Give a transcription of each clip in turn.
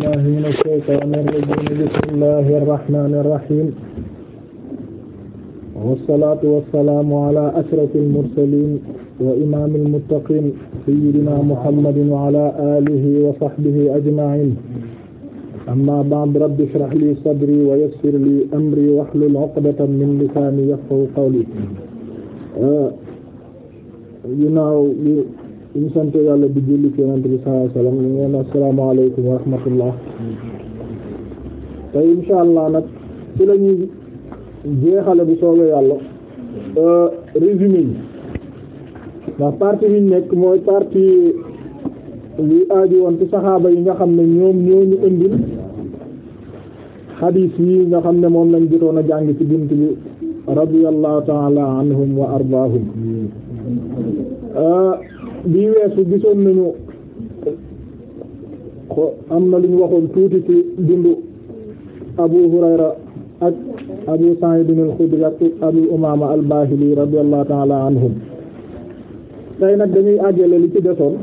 billahi min ashaytaani irrajim bismillahi arrahmani irrahim wassalatu wassalaamu ala ashrafi almursalin wa imami almuttaqin sayidina muhammadin wa ala alihi wa sahbihi ajmain amma ba'd rabbi ishrah li sadri wa yassir li amri wahlul uqdatan min lisaani yafqahu qawli ñu sant yàlla di julli ci yonent bi sallallahu alayhi wasallam alaykum wa rahmatullah insha allah nag ci la ñuy jeexale bu soobee yàlla euh, résumé yi ndax partie bi nekk mooy parti li aaju woon ci saxaaba yi nga xam ne ñoom ñoo ñu indil xadiis yi nga xam ne moom lañ jotoon a jàng ci bunt bi radiyallahu ta'ala anhum wa ardaahum euh, bii weesu gisoon nañu ko am na lu ñu waxoon tuuti ci dundu Abu Hurayra Abu Sa'id al-Khudri Abu Umama al-Bahili radiyallahu ta'ala anhum tey nag dañuy àggale li ci desoon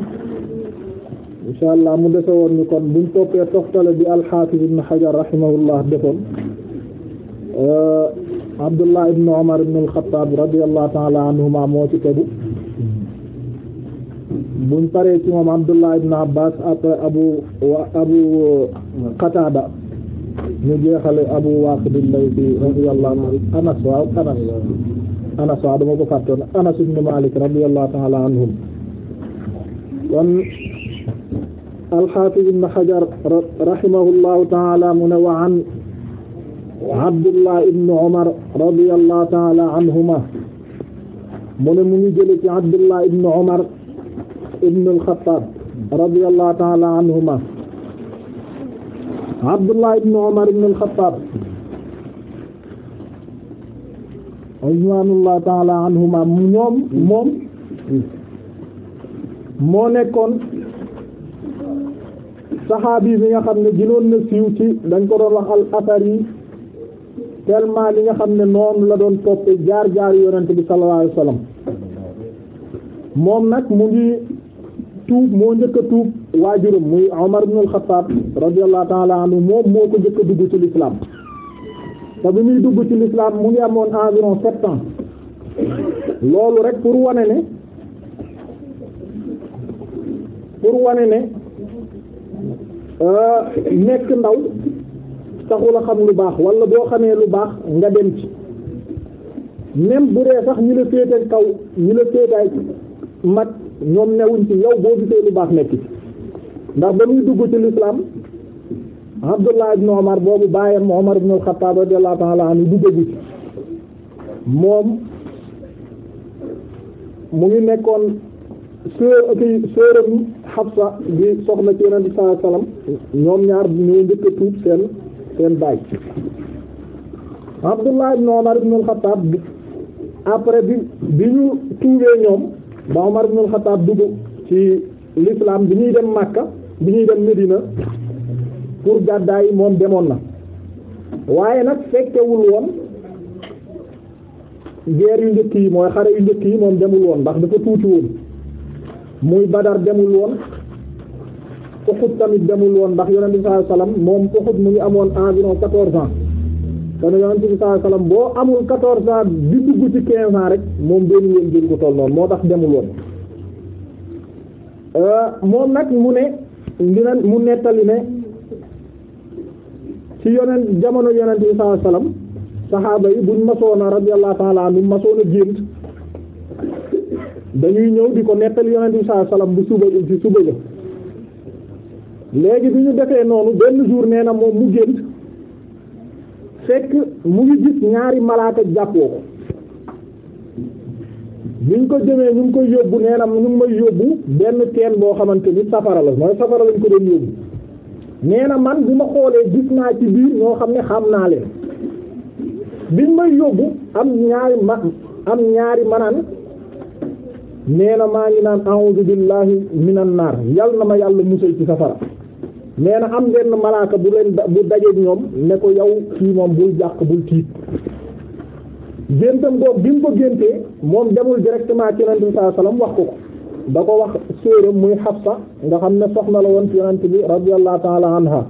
insha allah mu dese woon ñu kon buñ toppee toftale bi al-Hafiz ibn Hajar rahimahullah defoon euh, Abdullah ibn Umar ibn al-Khattab radiyallahu ta'ala anhuma moo ci tegu buñ paree ci moom Abdullah ibn Abbas après abu wa abu Qatada ñu jeexale abu Waqid al-Laythi radiyallahu anhu Anas waaw Anas Anas waaw dama ko fàttoon Anas ibn Malik radiyallahu ta'ala anhum kon al-Hafiz ibn Hajar rahimahullahu ta'ala mu ne wa an Abdullah ibn Umar radiyallahu ta'ala anhuma mu ne mu ngi jële ci Abdullah ibn Umar ibn al-Khattab radiyallahu ta'ala anhuma Abdullah ibn moom moo nekkoon saxaabi bi nga xam ne gënoon na siiw ci dañ ko doon wax al asar yi tellement li nga xam ne noonu la doon toppee jaar jaar yonent bi sallallahu alayhi wasallam moom nag mu ngi tuub moo njëkk a tuub waajurum muy Omar ibn al-Khattab radiyallahu ta'ala anhu moom moo ko njëkk dugg ci l'islam te bi muy dugg ci l'islam mu ngi amoon environ sept ans loolu rek pour wane ne pour wane ne euh, nekk ndaw taxul a xam lu baax walla boo xamee lu baax nga dem ci même bu dee sax ñu la féete kaw ñu la féetaay mag ñoom newuñ ci yow boo gisee lu baax nekk ci ndax ba dugg ci l'islam Abdullah ibn Omar boobu bàyyam Omar ibn al-Khattab radiyallahu ta'ala anhu duggagu ci moom mu ngi nekkoon sœur kii sœuram Hafsa bi soxna ci Yonent bi ñoom ñaar ñoo njëkk a tuub seen seen baay Abdullah ibn Omar ibn al-Khattab après bi bi ñu tuubee ñoom ba Umar ibn al-Khattab dugg ci l'islam bi ñuy dem Makka bi ñuy dem Medina pour gàddaa yi moom demoon na waaye nag fekkewul woon guerre yu njëkk yi mooy xare yu njëkk yi moom demul woon ndax dafa tuuti woon muy Badar demul woon Uhud tamit demul woon ndax Yonent bi sallallahu alayhi wasallam moom Uhud mu ngi amoon environ quatorze ans dana yonent bi sallallahu boo amul quatorze ans di dugg ci quinze rek moom benn ngeen jël ko toll noonu moo tax demul woon euh, moom nag mu ne dina mu nettali ne ci yonent jamono yonent bi sallallahu alayhi wasallam saxaaba yi buñ masoona radiyallahu ta'ala anhu masoona gént dañuy ñëw di ko nettali yonent bi sallallahu alayhi bu suba ci suba ja léegi bi ñu defee noonu benn jour nee na moom mu gént fekk mu ngi gis ñaari malaaka jàppoo ko biñ ko jëmee ñu koy yóbbu nee na ñu ngi may yóbbu benn teen boo xamante ni safara la mooy safara lañ ko doon yóbbu nee na man bi ma xoolee gis naa ci biir ñoo xam ne xam naa leen biñ may yóbbu am ñaari ma am ñaari manaan nee na maa ngi naan a'udhu billahi minan nar yal na ma yàlla musal ci safara nee na am benn malaaka bu leen bu dajeeg ñoom ne ko yow kii moom bul jàq bul tiit géntam boobu bi mu ko géntee moom demul directement ci yonent bi wax ko ko da ko wax séeram muy Hafsa nga xam ne soxna la woon ci yonent bi radiyallahu ta'ala anha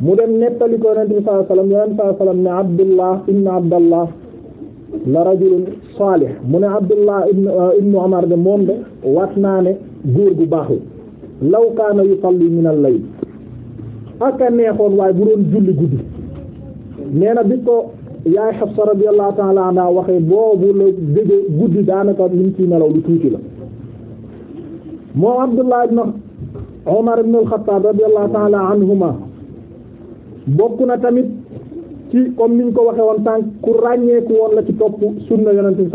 mu dem nettali ko yonent bi sallallahu alayhi wasallam yonent sallallahu alayhi wasallam ne Abdullah ibn Abdallah la rajulun salih mu ne Abdullah ibn euh, ibn de moom de waat naa ne góor gu baax la law kaana yusalli min al-layl aka neexoon waaye bu doon julli guddi nee na bi ko yaay Hafsa radiyallahu ta'ala anha waxee boobu la dége guddi daanaka liñ ci nelaw lu tuuti la moom Abdullah ibn Umar ibn al radiyallahu ta'ala anhuma bokk na tamit ci comme niñ ko waxee woon tànk ku ràññeeku woon la ci topp sunna yonent bi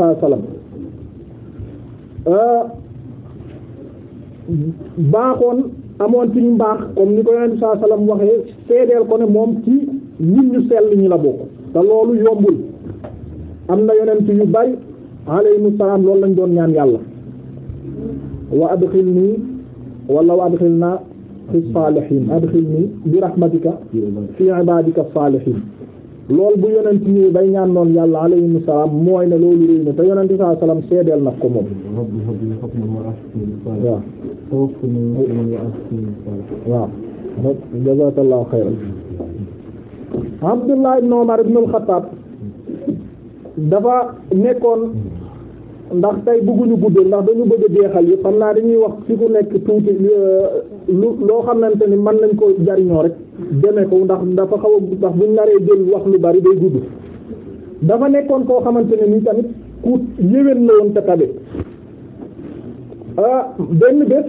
baaxoon amoon ci ñu mbaax comme ni ko yonent saa salaam waxee seedeel ko ne moom ci ñun ñu sell ñu la bokk te loolu yombul am na yonent yu bari alayhimu salaam loolu lañ doon ñaan yàlla wa adxilnii wala wa adxilnaa fi saalihiin adxilnii bi rahmatika fi ibaadika saalihiin loolu bu yonent ñi bay ñaan noonu yàlla alayhimu salaam mooy ne loolu réy na te yonent saa seedeel na ko moom waaw waaw jazakallahu xayran Abdullah ibn Umar ibn al-Khattab dafa nekkoon ndax tey bëgguñu guddee ndax dañu bëgg deexal jeexal yi xam naa dañuy wax ci ku nekk tuuti euh, lu ne xamante ni man nañ ko jariñoo rek deme ko ndax dafa xaw a ndax buñ naree jël wax lu bari day gudd dafa nekkoon koo xamante ne nii tamit ku yéwén la woon ca Ah, benn bés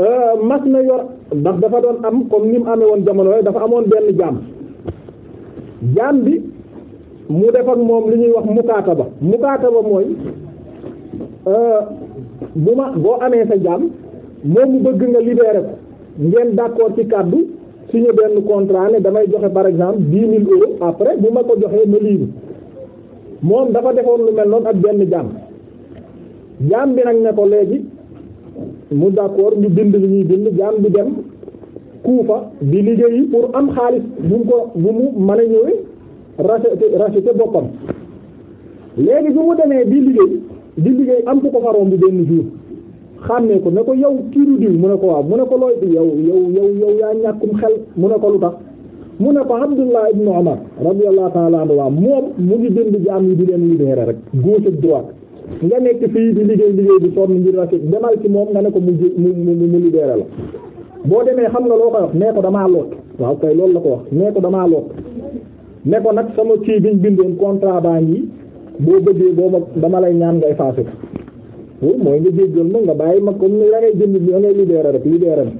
ah, mas na yor ndax dafa doon am comme ni mu amee woon jamono yooyu dafa amoon benn jàmm jaam bi mu def ak moom li ñuy wax ba mukaataba mukaataba mooy ah, bu ma boo amee sa jaam moom mu bëgg nga libérer ko ngeen d'accord ci kàddu signé benn contrat ne damay joxe par exemple dix mille euros après bu ma ko joxee ma libre moom dafa defoon lu mel noonu ak benn jàmm jaam bi nag ne ko léegi mu d'accord ñu bind li ñuy bind jaam bi dem Kuufa di liggéey pour am xaalis bu mu ko bu mu mën a ñëwee racheter racheter boppam léegi bu mu demee di liggéey di liggéey am ku ko faroom bi benn jour xàmmee ko ne ko yow kiiru diw mu ne ko waaw mu ne ko looy bi yow yow yow yow yaa ñàkkum xel mu ne ko lu tax mu ne ko Abdullah ibn Umar radiyallahu ta'ala anhu moom mu ngi dënd jaam yi di leen libérer rek gauche ak droite nga nekk fii di liggéey liggéey bi sonn ngir rafet demal ci moom nga ne ko mu mu mu libéré la boo demee xam nga loo koy nee ko damaa lott waaw loolu la ko wax nee damaa lott ne ko nag sama kii biñ bindoon contrat baa ngi boo bëggee boo ma dama lay ñaan ngay effacé ko mooy nga jéggal ma nga bàyyi mag comme ni la ngay ngay libéré rek libéré na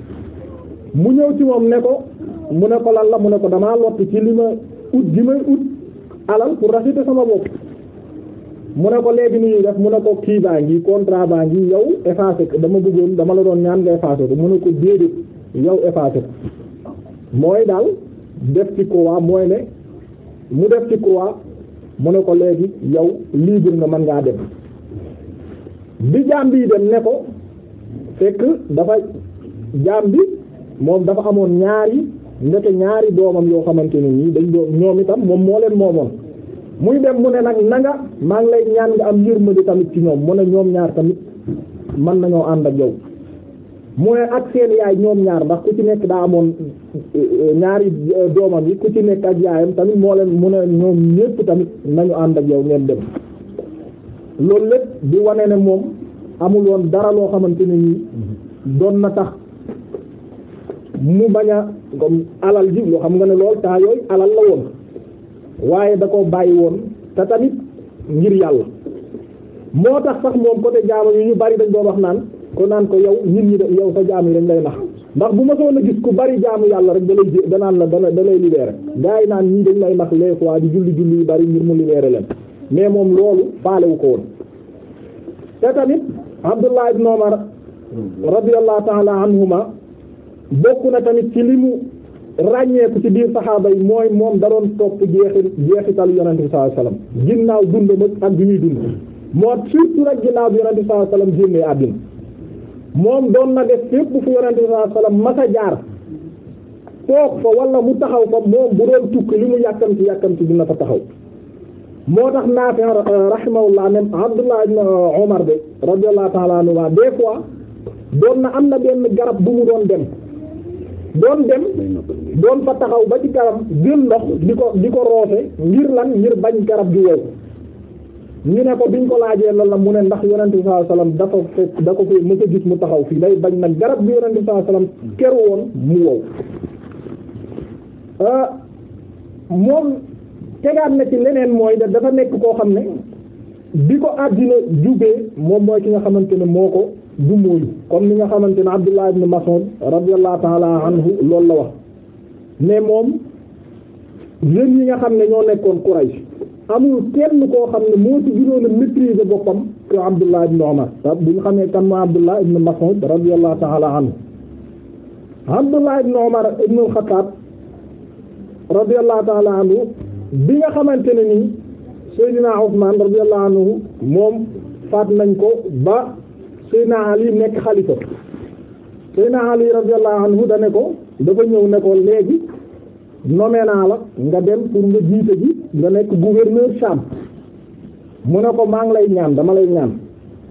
mu ñëw ci moom ne ko mu ne ko lan la mu ne ko damaa lott ci li ma ut gi may ut alal pour racheter sama bopp mu ne ko léegi ni ñuy def mu ne ko kii baa ngi contrat baa ngi yow effacé ko dama bëggoon dama la doon ñaan nga effacé ko mu ne ko déedéet yow effacé ko mooy daal def ci croix mooy ne mu def ci croix mu ne ko léegi yow libre nga man ngaa dem bi jaam bi dem ne ko fekk dafa jaam bi moom dafa amoon ñaari ndeke ñaari doomam yoo xamante ne nii dañ doon itam moom moo leen moomoon muy dem mu ne nag nanga maa ngi lay ñaan nga am yërmande tamit ci ñoom mu ne ñoom ñaar tamit man nañoo ànd ak yow mu ne ak seen yaay ñoom ñaar ndax ku ci nekk daa amoon eh, ñaari eh, doomam yi ku ci nekk ak yaayam tamit moo leen mu ne ñoom ñépp tamit nañu ànd ak yow ngeen dem loolu lépp di wane ne moom amul woon dara loo xamante ne nii doon na tax mu bañ a comme alal ji loo xam nga ne lool temps yooyu alal la woon. waaye da ko bàyyi woon te tamit ngir yàlla moo tax sax moom côté jaama yu ñu bari dañ doon wax naan ko naan ko yow nit ñi de yow sa jaam yi dañ lay nax ndax bu ma soon a gis ku bari jaamu yàlla rek da lay j danaan la da lay libéré gars yi naan ñii dañ lay nax les fois di julli julli yu bari ngir mu libéré leen mais moom loolu faalewu ko woon te tamit Abdullah ibn Umar hmm. radiyallahu ta'ala anhuma bokk na tamit ci li mu ràññeeku ci biir saxaaba yi mooy moom da doon topp jeexi jeexital yonente bi sallallahu alayhi wasallam ginnaaw dundam ak bi muy dund moo surtout ginnaaw bi yonente bi sallallahu alayhi wasallam génnee moom doon na def fépp fu yonente bi sallallahu a jaar mu taxaw fa moom bu doon tukki li mu yàkkamti yàkkamti dina fa taxaw moo tax Naafi rahimahullah même Abdullah ibn Umar de radiyallahu ta'ala anhu des fois doon na am na benn garab bu mu doon dem doon dem doon fa taxaw ba ci garab jël ndox di ko di ko roose ngir lan ngir bañ garab gi wow ñu ne ko biñ ko laajee lan la mu ne ndax yonent bi sallallahu alayhi wasallam dafa fekk da ko fee mës a gis mu taxaw fii lay bañ nag garab bi yonent bi sallallahu alayhi wasallam ker woon mu wow euh, moom tegaat na ci leneen mooy da dafa nekk koo xam ne di ko àddina jubee moom mooy ki nga xamante ne moo ko dumóoyu comme li nga xamante ne Abdullah ibn Mas'ud radiyallahu ta'ala anhu loolu la wax mais moom jeunes yi nga xam ne ñoo nekkoon Quraysh amul kenn koo xam ne moo ci gënoon a maîtriser boppam que Abdullah ibn Umar ta bu ñu xamee kan moo Abdullah ibn Mas'ud radiyallahu ta'ala anhu Abdullah ibn Umar ibn al-Khattab radiyallahu ta'ala anhu bi nga xamante ne nii Seydina Usman radiyallahu anhu moom faat nañ ko ba Seydina Ali nekk xalifa Seydina Ali radiyallahu anhu da ne ko dafa ñëw ne ko léegi nommé naa la nga dem pour nga jiite ji nga nekk gouverneur Sham mu ne ko maa ngi lay ñaan dama lay ñaan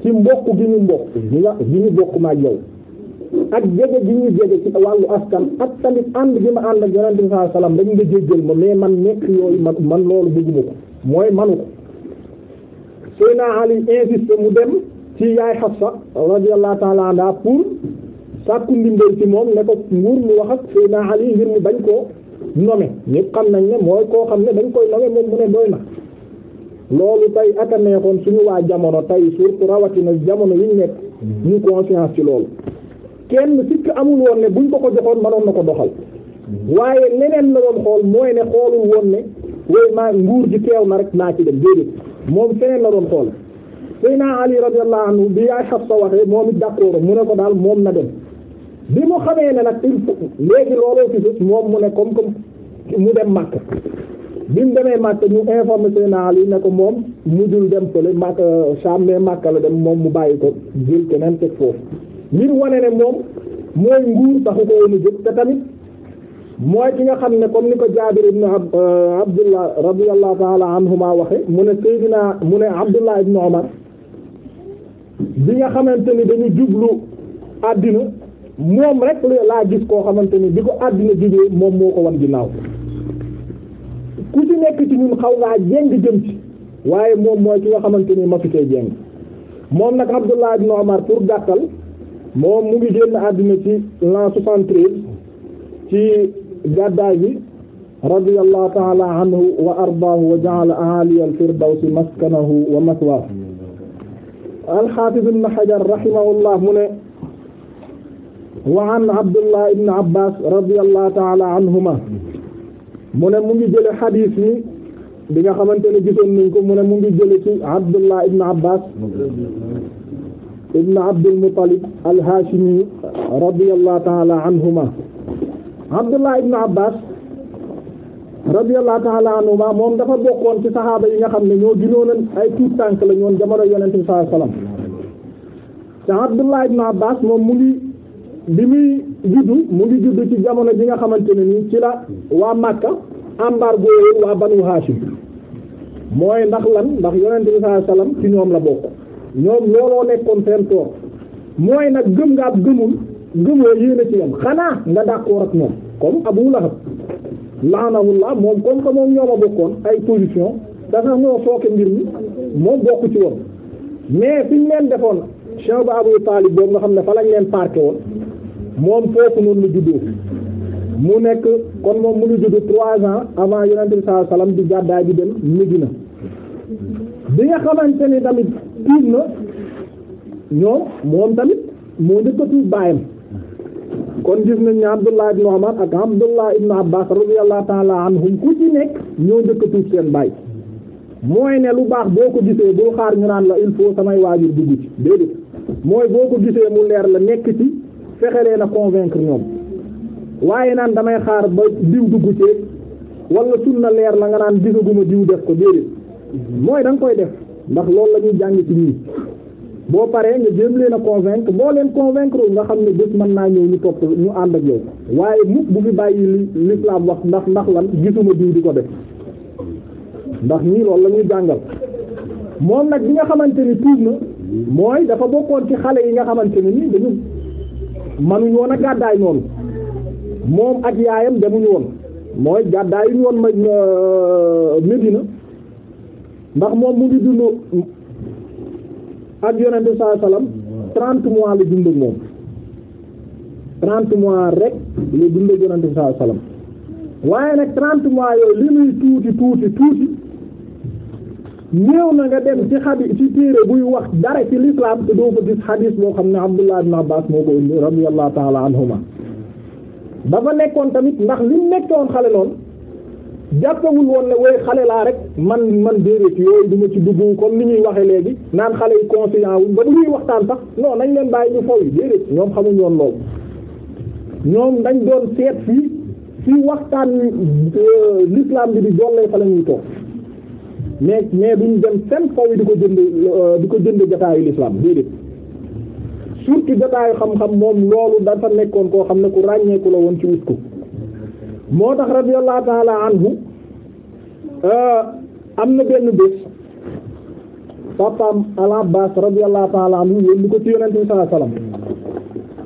ci mbokk gi ñu mbokk gi ñu bokk maag yow ak jege gi ñu jege ci wàllu askan ak tamit ànd gi ma ànd ak yonent bi sallallahu nga jéggal ma mais man nekk yooyu man man loolu bëgguma ko mooy manu ko Seydina Ali insisté mu dem ci yaay Xafsa radiyallahu ta'ala anha pour sàkku ndimbal ci moom ne ko nguur mu wax ak Seydina Ali ngir mu bañ koo nome ñépp xam nañ ne mooy koo xam ne dañ koy nome moom mu ne doy na loolu tey ak a suñu waa jamono tey surtout rawatina jamono yi ñu nekk ñu conscience ci loolu kenn sikk amul woon ne buñ ko ko joxoon mënoon na ko doxal waaye leneen la doon xool mooy ne xoolul woon ne wooy maa nguur ji teew na rek naa ci dem déedéet moom feneen la Seydina Ali radiyallahu anhu bi moom it d'accord mu ne ko daal moom na dem bi mu xamee ne nag il faut léegi looloo fi jot moom mu ne comme comme mu dem Makka bi mu demee Makka ñu informé Seydina Ali ne ko moom mujjul dem fële Makka Sham mais Makka la dem moom mu bàyyi ko jël keneen teg foofu ngir wane ne moom mooy nguur taxu ko woon a jot tamit mooy ki nga xam ne comme ni ko Jaabir ibn Abdullah radiyallahu ta'ala anhuma waxe mu ne Seydina mu ne Abdullah ibn Umar bi nga xamante ni dañu jublu àddina moom rek laa gis koo xamante ni bi ko àddina jubee moom moo ko wan ginnaaw ku ci nekk ci ñun xaw ngaa jeng jëm ci waaye moom mooy ki nga xamante ni ma fi see jeng moom nag Abdullah ibn Umar pour gàttal moom mu ngi génn àddina ci l'an soixante-treize ci gàddaay bi radiyallahu ta'ala anhu wa ardaahu wa ja'ala a'ali al-firdawsi maskanahu wa maswaahu alxaafiz ibn xajar rahimahullah mu ne wa an abdullah ibn abbas radiallahu taala anhuma mu ne mu ngi jële xadiis yi bi nga xamante ne gisoon nañ ko mu ne mu ngi jële ci abdullah ibn abbas ibn abdul muttalib al hashimi radiallahu taala anhuma abdullah ibn abbas radiyallahu ta'ala anhuma moom dafa bokkoon ci saxaaba yi nga xam ne ñoo gënoon ay tuut tànk la ñoon jamono yonente bi sallallahu alayhi wasallam te Abdullah ibn moom mu ngi bi muy juddu mu ngi juddu ci jamono ji nga xamante ne nii ci la waa Makka embargo waa Banu Hashim mooy ndax lan ndax yonente bi sallallahu alayhi ci ñoom la bokk ñoom looloo nekkoon seen toor mooy nag gëm nga ab gëmul gëmoo yéen ci yam xanaa nga d'accord ak ñoom comme Abu Lahab laanahullah moom comme que moom ñoo ma bokkoon ay position dafa ñoo sooke mbir mi moom bokku ci woon mais fi ñu leen defoon Cheikh Abou Talib boobu nga xam ne fa lañ leen parqué woon moom foofu noonu lu juddoo mu nekk kon moom mu ngi judd trois ans avant yonent bi sallallahu alayhi di gàddaay bi dem Medina bi nga xamante ni tamit tuub na ñoom moom tamit moo njëkk a tuub baayam kon gis nañ ne Abdullah ibn Umar ak Abdullah ibn Abbas radiyallahu ta'ala anhum ku ci nekk ñoo njëkk tuub seen baay mooy ne lu baax boo ko gisee boo xaar ñu naan la il faut samay waajur dugg ci déedéet mooy boo ko gisee mu leer la nekk ci fexe na a convaincre ñoom waaye naan damay xaar ba diw dugg ci wala sunna leer la nga naan gisaguma diw def ko déedéet mooy da koy def ndax loolu lañuy ñuy jàng ci ñii boo paree nga jëm leen a convaincre boo leen convaincre nga xam ne bés man naa ñëw ñu topp ñu ànd ak yow waaye mukk bu fi bàyyi li l'islam wax ndax ndax lan gisuma diw di ko def ndax ñii loolu la ñuy jàngal moom nag bi nga xamante ni tuub na mooy dafa bokkoon ci xale yi nga xamante ne nii dañu mënuñu woon a gàddaay noonu moom ak yaayam demuñu woon mooy gàddaay yi ñu woon ma Medina ndax moom mu ngi dund. ak yonent bi sallallahu alayhi wasallam mois la dund ak moom trente mois rek la dund ak yonent bi sallallahu waaye nag trente mois yooyu li muy tuuti tuuti tuuti néew na nga dem ci xadi ci téere buy wax dara ci l'islam te doo ko gis xadis boo xam ne Abdullah ibn Abbas moo ko indi radiyallahu ta'ala anhuma dafa nekkoon tamit ndax li nekkoon xale noonu jàppewul woon ne way xale laa rek man man déedéet yooyu du ma ci duggu comme ni ñuy waxee léegi naan xale yu conscient wuñ ba du ñuy waxtaan sax non nañ leen bàyyi ñu faw yi déedéet ñoom xamuñ woon loolu ñoom dañ doon seet fii fii waxtaan euh, l'islam bi di jollee fa la toog mais mais duñ dem seen faw yi di ko jënd euh, di ko jënd jataayu l'islam déedéet surtout jataayu xam-xam moom loolu dafa nekkoon koo xam ne ku ràññeeku la woon ci wut ko moo tax radiyallahu ta'ala anhu euh, am na benn bés papaam al-Abbas radiyallahu ta'ala anhu yónni ko ci yonent bi sallallahu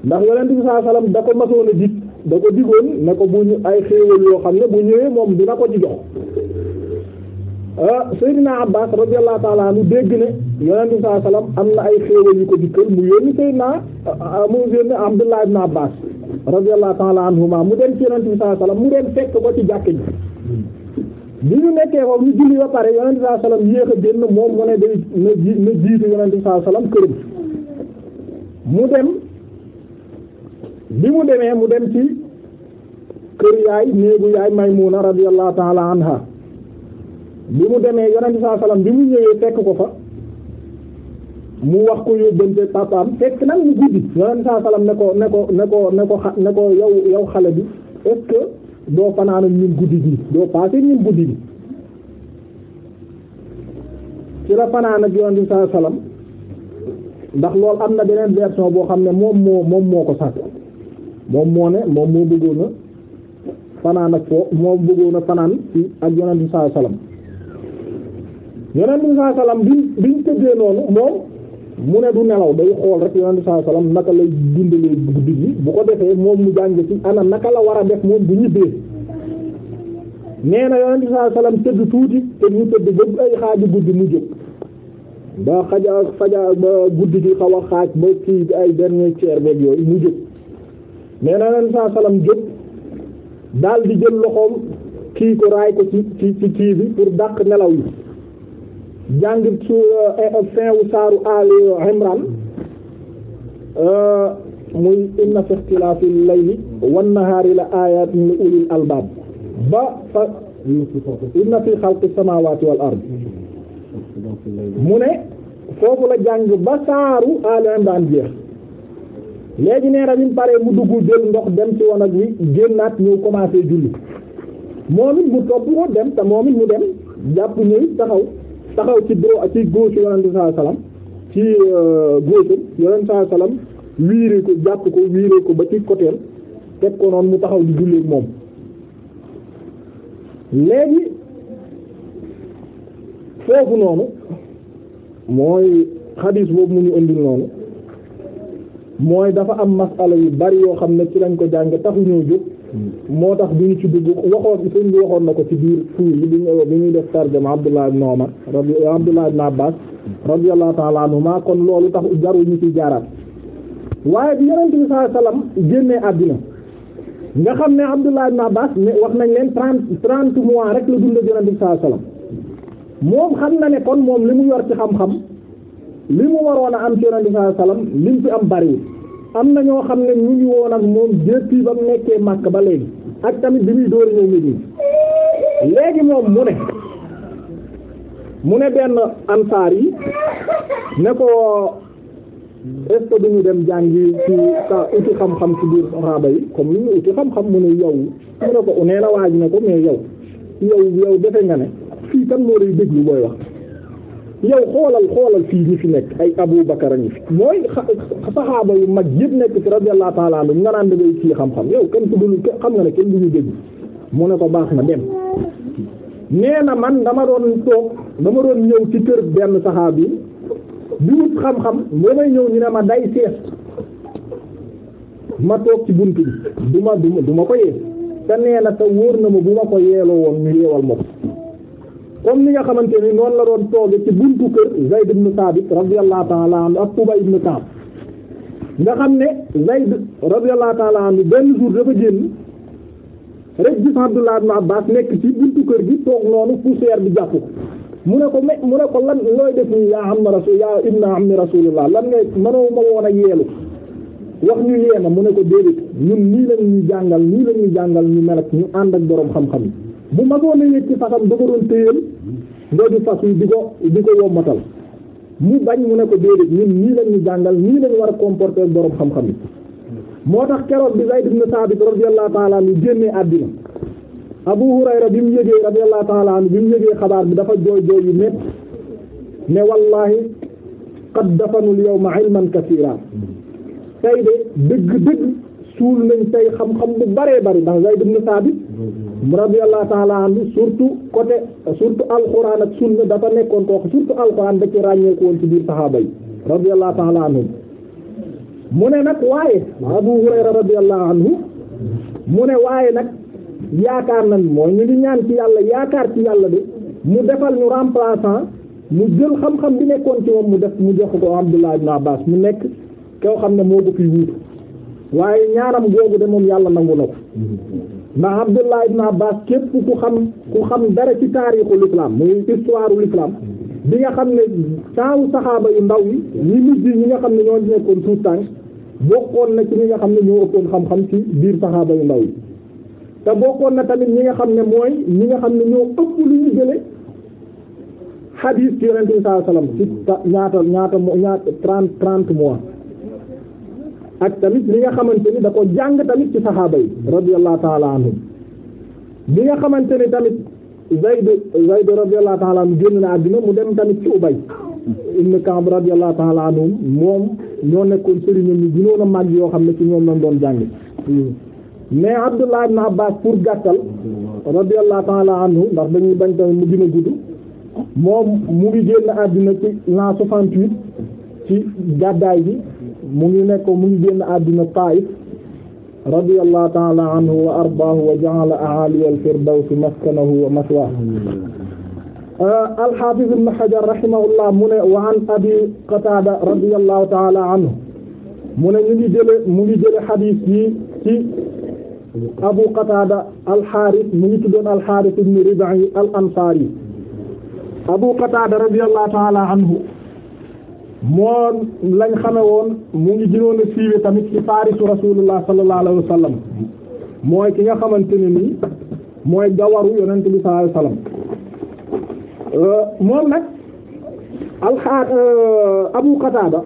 ndax yonent bi sallallahu da ko masoon a dig da ko digoon ne ko bu ñu ay xéewal yoo xam ne bu ñëwee moom dina ko ci jox euh, Seydina Abbas radiyallahu ta'ala anhu dégg ne yonent bi am na ay xéewal yu ko dikkal mu yónni Seydina mu yónni Abdullah ibn Abbas radiyallahu ta'ala anhuma mu dem ci yonent bi sallallahu alayhi mu dem fekk ko ci jàkk ji li ñu nekkee foofu ñu julli ba pare yonent bi sallallahu yéex a génn moom mu ne day na ji na jiitu yonent bi sallallahu alayhi wasallam mu dem bi mu demee mu dem ci kër yaay néegu yaay Maymuna radiyallahu ta'ala anha bi mu demee yonent bi sallallahu alayhi mu ñëwee fekk ko fa mu wax ko yóbbante papaam fekk nag mu guddi yoneen saa salaam ne ko ne ko ne ko ne xa ne ko yow yow xale bi est doo fanaana ñun guddi bi doo paase ñun guddi bi ci la fanaan ak yoneen saa salaam ndax loolu am na beneen version boo xam ne moom moo moom moo ko sàkk moom moo ne moom moo bëggoon a fanaan ak foo moo bëggoon a fanaan ci ak yoneen saa salaam yoneen saa salaam bi biñ tëddee noonu moom mu ne du nelaw day xool rek yonent saa salaam naka lay dundalee guddi gi bu ko defee moom mu jàng ci ana naka la war a def moom bu ñibbee nee na yonent salaam tëdd tuuti te ñu tëdd ba ay xaaju guddi mu jóg ba xaja faja ba guddi gi xaw a xaaj ba kii ay dernier tiers beeg yooyu mu jóg nee na yonent salaam jóg daal di jël loxoom kii ko raay ko ci ci ci kii bi pour dàq nelaw yi. jàng ci euh, fin wu saaru Ali Imran euh, muy inna fi ikhtilafil layli wan nahaari la ayatin li ulil albab ba fa inna fi xalqi samawati wal ard mu ne foofu la jàng ba saaru Ali Imran jeex léegi nee na bi mu paree jël ndox dem ci wanag wi génnaat ñëw commencé julli moom mu topp ko dem te moom mu dem jàpp ñëw taxaw taxaw ci droit ci gauche yonent bi sallallahu ci euh, gauche yonent sallallahu alayhi wasallam ko jàpp ko wiire ko ba ci côté teg ko noonu mu taxaw di julleek moom léegi foofu noonu mooy xadiis boobu mu ñu indil noonu mooy dafa am masala yu bari yoo xam ne ci lañ ko jàng taxuñoo jóg moo tax bi ci dugg waxoon suñ bi waxoon na ko ci biir fuu yi bi ñuy def tarjama Abdullah ibn Umar rabi Abdullah ibn Abbas radiyallahu ta'ala anhuma kon loolu tax jaru ñu ci jaaraat waaye bi yonent bi sallallahu alayhi wasallam génnee àddina nga xam ne Abdullah ibn Abbas ne wax nañ leen trente trente mois rek la dunda yonent bi sallallahu alayhi moom xam na ne kon moom li mu yor ci xam-xam li mu waroon a am ci yonent bi sallallahu alayhi li mu fi am bariwul am na ñoo xam ne ñu ngi woon ak moom depuis ba mu nekkee màkk ba léegi ak tamit bi muy door ñëw Médine léegi moom mu ne mu ne benn ansaar yi ne ko est dem jàngi ci ka uti xam-xam ci biir saxaaba yi comme ñu uti xam-xam mu ne yow mu ne ko nee na ne ko mais yow yow yow defe nga ne fii kan moo lay déglu booy wax yow xoolal xoolal fii ñi fi nekk ay Abu Bakar a ngi fi mooy saxaaba yu mag yëpp nekk ci radiyallahu ta'ala anhu nga naan fii xam yow kenn ku dul xam nga ne kenn du ñu dégg mu ne ko baax na dem nee na man dama doon toog dama doon ñëw ci kër benn saxaabi bi wut xam-xam boo may ñëw ñu ne ma day sees ma toog ci bunt bi du ma du ma ma ko yee te nee na te wóor na ma bu ma ko yeeloo woon ñu yeewal ma comme ni nga xamante ni noon la doon toog ci buntu kër Zayd ibn Thabit radiyallahu ta'ala anhu ak Ubay ibn Ka'b nga xam ne Zayd radiyallahu ta'ala anhu benn jour dafa génn rek gis Abdullah ibn Abbas nekk ci buntu kër gi toog noonu poussière bi jàpp mu ne ko mu ne ko lan looy def nii am rasul yaa ibn ammi rasulullah lan ngay mënoo ma woon a yeelu wax ñu yeema mu ne ko déedéet ñun nii lañ jàngal nii lañ jàngal ñu mel ñu ànd ak boroom xam-xam yi bu masoon a yëg ci fasam da ko doon téyeel ngooju fas yi di ko di ko wommatal mu bañ mu ne ko déedéet ñun nii lañ ñu jàngal nii lañ war a comporter borom xam-xam yi moo tax keroog bi Zayd ibn Sabit radiyallahu ta'ala anhu génnee àddina Abu Hurayra bi mu yëgee radiyallahu ta'ala anhu bi mu yëgee xabaar bi dafa jooy jooy yu métti ne wallahi qad dafanul yawma ilman tey de dëgg dëgg suul nañ tey xam-xam bu baree bari ndax Zayd ibn Sabit radiyallahu ta'ala anhu surtout côté surtout alxuraan ak sunna dafa nekkoon koo surtout alxuraan da ci ràññeeku woon ci biir saxaaba yi radiyallahu ta'ala anhu mu ne nag waaye Abu Hurayra radiyallahu anhu mu ne waaye nag yaakaar na mooy ñu ngi ñaan ci yàlla yaakaar ci yàlla de mu defal ñu remplaçant mu jël xam-xam bi nekkoon ci moom mu def mu jox ko Abdullah ibn Abbas mu nekk koo xam ne moo ko fi wuutu waaye ñaanam yàlla nangu ndax Abdullah ibn Abbas képp ku xam ku xam dara ci taarixu l'islam muy histoire u l'islam bi nga xam ne taawu saxaaba yu ndaw yi ñi mujj ñi nga xam ne ñoo nekkoon tout temps bokkoon na ci ñi nga xam ne ñoo ëppoon xam ci biir saxaaba yu ndaw yi te bokkoon na tamit ñi nga xam ne mooy ñi nga xam ne ñoo ëpp lu ñu jële xadiis ci yonente bi sallallahu ñaata ñaata ñaata trente trente mois ak tamit li nga xamante ni da ko jàng tamit ci saxaaba yi radiyallahu taala anhum bi nga xamante ni tamit Zayd Zayd radiyallahu taala anhu génn na àddina mu dem tamit ci Ubay ibn Ka'b radiyallahu taala anhum moom ñoo nekkoon sëriñam ñu gënoon a yoo xam ne ci ñoom lañ doon jàng mais Abdullah ibn Abbas pour gàttal radiyallahu taala anhu ndax dañuy bañ tamit mu gën a gudd moom mu ngi génn àddina ci l'an soixante-huit ci gàddaay bi mu ngi nekk mu ngi génn àdduna Taif radiyallahu ta'ala anhu wa ardaahu wa ja'ala a'ali al-firdawsi maskanahu wa maswaahu ah, al-Hafiz ibn Hajar rahimahullah mu ne wa an Abi Qatada radiyallahu ta'ala anhu mu ne ñu ngi jële mu ngi jële xadiis yi ci Abu Qatada al-Harith mu ngi tuddoon al-Harith ibn Rib'i al-Ansari Abu Qatada radiyallahu ta'ala anhu moo lañ xame woon mu ngi gënoon a siiwe tamit ci faarisu rasulullah sallallahu alayhi mooy ki nga xamante ne nii mooy gawaru yonent bi sallallahu alayhi moom nag alxaat euh, abu qataada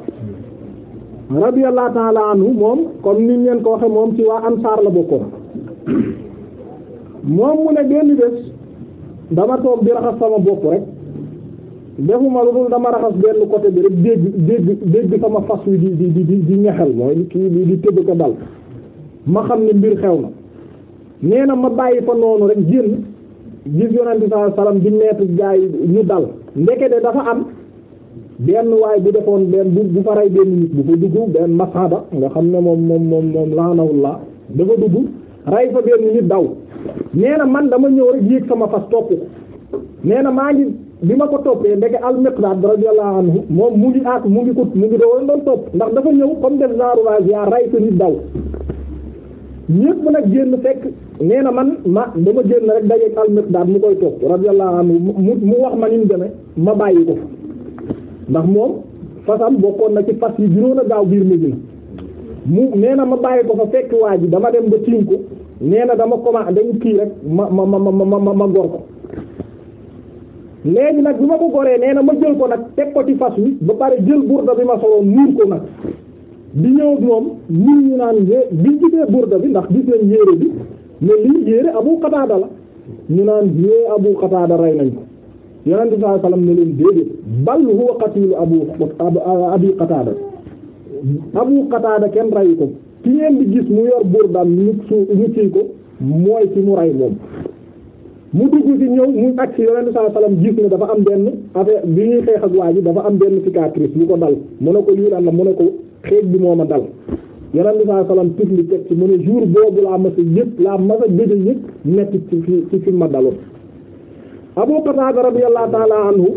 radiyallahu ta'ala anhu moom kon ni ngeen ko waxe moom ci waa ansaar la bokkoon moom mu ne benn bés dama toog di raxas sama bopp rek defuma lu dul dama raxas benn côté bi rek dégg dégg dégg sama fas wi di di di di ñaxal mooy kii bi di tëdd ko dal ma xam ne mbir xew na nee na ma bàyyi noonu rek génn gis yonente saa salaam di mettre gaa yi ñu dal dafa am benn waay bu defoon benn bu bu fa rey nga xam ne moom moom moom moom laanawullaa dafa dugg rey fa benn nit daw man dama ñëw rek yéeg sama fas topp ko nee maa ngi bi ma ko toppee ndeke al-Miqdaad radiyallahu anhu moom mu ngi ak mu ngi ko mu ngi doon doon topp ndax dafa ñëw comme def genre waa ziar ray ko nit nag génn fekk nee na man ma dama génn rek dajeeg al-Miqdaad mu koy topp radiyallahu anhu mu mu wax ma ni mu demee ma bàyyi ko ndax moom fasam bokkoon na ci fas yi juróom a gaaw biir Medina mu nee na ma bàyyi ko fa fekk waa ji dama dem ba tiim ko nee na dama commencé dañ kii rek ma ma ma ma ma ma gor ko. léegi nag bi ma ko goree nee na ma jël ko nag teg ko ci fas wi ba pare jël burda bi ma soloon muur ko nag di ñëw moom ñun ñu naan yé biñ gisee burda bi ndax gis nañ yére bi mais lii yére Abu Qataada la ñu naan yée Abu Qataada rey nañ ko yonente bi sallallahu alayhi ne leen déedéet bal huwa qatilu Abu Abi Abu Qataada kenn reyu ko ki ngeen di gis mu yor burdaam ñu su ñu ko mooy ci mu rey moom mu dugg ci ñëw mu agsi yonent saa salaam gis ne dafa am benn affaire bi ñuy xeex ak waa ji dafa am benn cicatrice bu ko dal mu ne ko lii la mu ne ko xeej moo ma dal yonent saa salaam tifli teg ci mu ne jour boobu laa mas a yëpp laa mas a gëj a yëpp metti ci fi ci fi ma daloon Abu la radiyallahu ta'ala anhu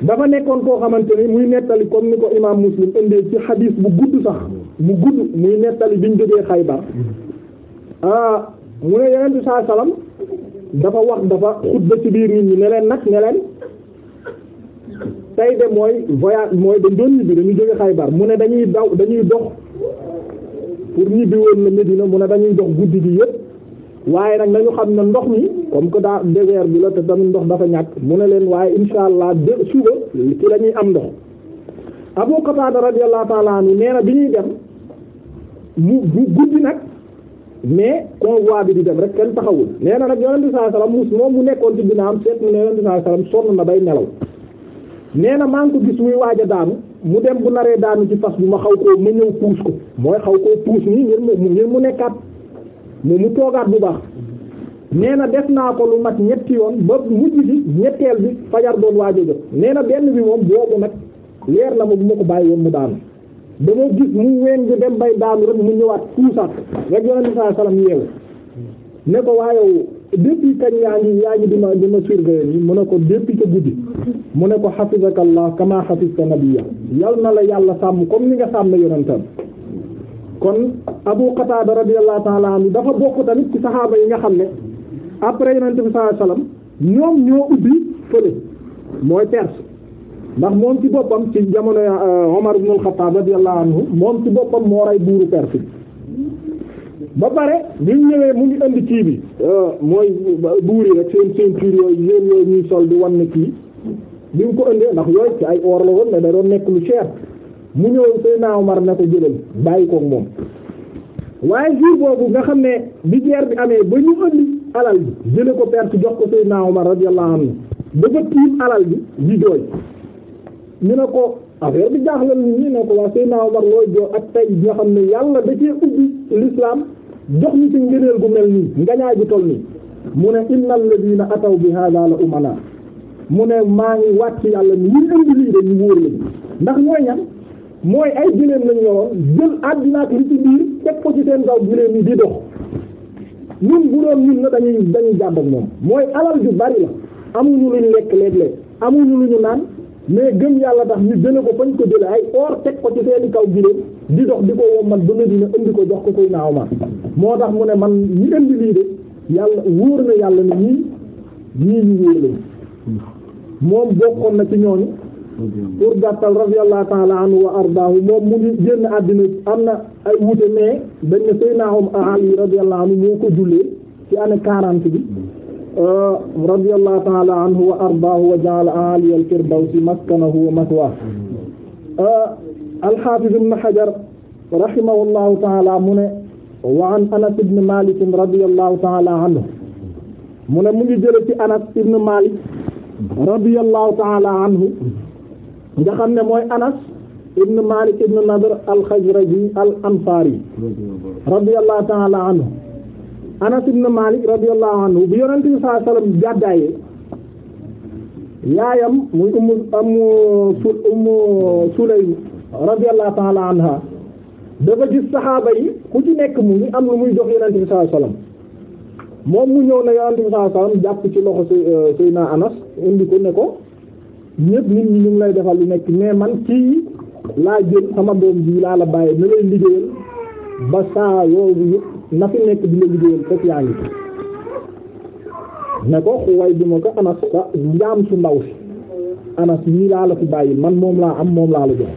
dafa nekkoon koo xamante ni muy nettali comme ni ko imaam Muslim indee ci xadiis bu gudd sax bu gudd muy nettali biñ jógee Xaybar ah, mu ne yonent saa salaam dafa wax dafa xutba ci biir nit ñi ne leen nag ne leen tey de mooy voyage mooy dañ doon ñibbi dañuy jóge Xaybar mu ne dañuy daw dañuy dox pour ñibbi woon na Medina mu ne dañuy dox guddi gi yëpp waaye nag nañu xam ne ndox mi comme que daa désert bi la te tamit ndox dafa ñàkk mu ne leen waaye insha allah de suba ci la am ndox Abu Qatada radiyallahu ta'ala anhu nee na bi ñuy dem mu guddi nag mais convoi bi di dem rek kenn taxawul nee na nag yonent bi sallallahu alayhi wasallam moom mu nekkoon ci dina am seet mu ne yonent bi sallallahu alayhi sonn na bay nelaw nee na maa ngi ko gis muy waaj daanu mu dem bu naree daanu ci fas bi ma xaw koo ma ñëw puus ko mooy xaw koo puus nii ngir mu ngir mu nekkaat mu mu toogaat bu baax nee na def naa ko lu mat ñetti yoon ba mujj bi ñetteel bi fajar doon waaj a jot nee na benn bi moom boobu nag leer na ma bu ma ko bàyyi woon mu daanu da ngay gis mu ween dem bay daanu rek mu ñëwaat puusat rek yonent saa salaam yeewu ne ko waaye depuis kañ yaa ngi yaa ngi di ma di ma mu ne ko depuis ca guddi mu ne ko xafizakallah kama xafizta nabiyya yal na la yàlla sàmm comme ni nga sàmm yonentam kon Abu Qatada radiyallahu ta'ala anhu dafa bokk tamit ci saxaaba yi nga xam ne après yonent bi sallallahu alayhi wasallam ñoom ñoo ubbi fële mooy Perse ndax moom ci boppam ci jamono euh, Omar ibn nu khattab radiyallahu anhu moom ci boppam moo rey buuru Perse ba pare bi mu ñëwee mu ngi indi kii bi euh, mooy buur yi rek seen seen tur yooyu yéen yooyu ñuy sol di wan ne kii bi ko indee ndax yooyu ci ay or la da doon nekk lu cher mu ñëw Seydina Omar na ko jëlal bàyyi koog moom. waaye jour boobu nga xam ne bi guerre bi amee ba ñu indi alal bi jële ko perte jox ko Seydina Omar radiyallahu anhu dafa tiim alal bi ji jooy. ñu ne ko affaire bi jaaxlal nit ñi ne ko waa Seydina Omar looy joo ak tay bi nga xam ne yàlla da cee ubbi l'islam jox ñu ci ngëneel gu mel nii ngañaay bi toll nii mu ne innal ladina ataw bi hada la umala mu ne maa ngi wàcc yàlla ni ñu indi lii dañu wóor lañ ndax ñooy ñan mooy ay jëleen lañ yoroon jël àddina ak li ci biir teg ko ci seen kaw jëleen yi di dox ñun bu doon ñun na dañuy dañuy jàdd ak moom mooy alal ju bari la amuñu luñ lekk léeg-léeg amuñu lu ñu naan mais gën yàlla tax ñu dëne ko fañ ko jële ay or teg ko ci seeni kaw giléem di dox di ko wommat ba Medina indi ko jox ko koy naaw ma moo tax mu ne man ñi indi lii de yàlla wóor na yàlla ne ñii ñii ñu wóor lañ moom bokkoon na ci ñooñu pour gàttal radiyallahu ta'ala anhu wa ardaahu moom mu ngi génn àddina am na ay wute mais dañ ne Seydina Ali radiyallahu anhu moo ko jullee ci année quarante bi radiyallahu ta'ala anhu wa ardaahu wa ja'ala a'ali al-firdawsi maskanahu wa maswaahu al-Haafiz ibn Hajar rahimahullahu ta'ala mu ne wa an Anas ibn Malik radiyallahu ta'ala anhu mu ne mu ngi jële ci Anas ibn Malik radiyallahu ta'ala anhu nga xam ne mooy Anas ibn Malik ibn Nadr al-Khazraji al-Ansaari radiyallahu ta'ala anhu Anas ibn Malik radiyallahu anhu bu yonent bi sallallahu alayhi wasallam yaayam muy ummu ummu su ummu Sulaym radiyallahu ta'ala anha dafa gis saxaaba yi ku ci nekk mu ngi am lu muy jox yonent bi sallallahu alayhi moom mu ñëw na yonent bi sallallahu alayhi jàpp ci loxo euh, na Anas indi ko ne ko ñépp nit ñi lay defal lu nekk mais man kii laa jël sama doom bi laa la bàyyi na lay liggéeyal ba saa yooyu yëpp na fi nekk di la liggéeyal fekk yaa ngi ne ko xuway bi ma ko anas ka ah, njaam su ndaw si anas ñii laa la fi bàyyi man moom laa am moom laa la jox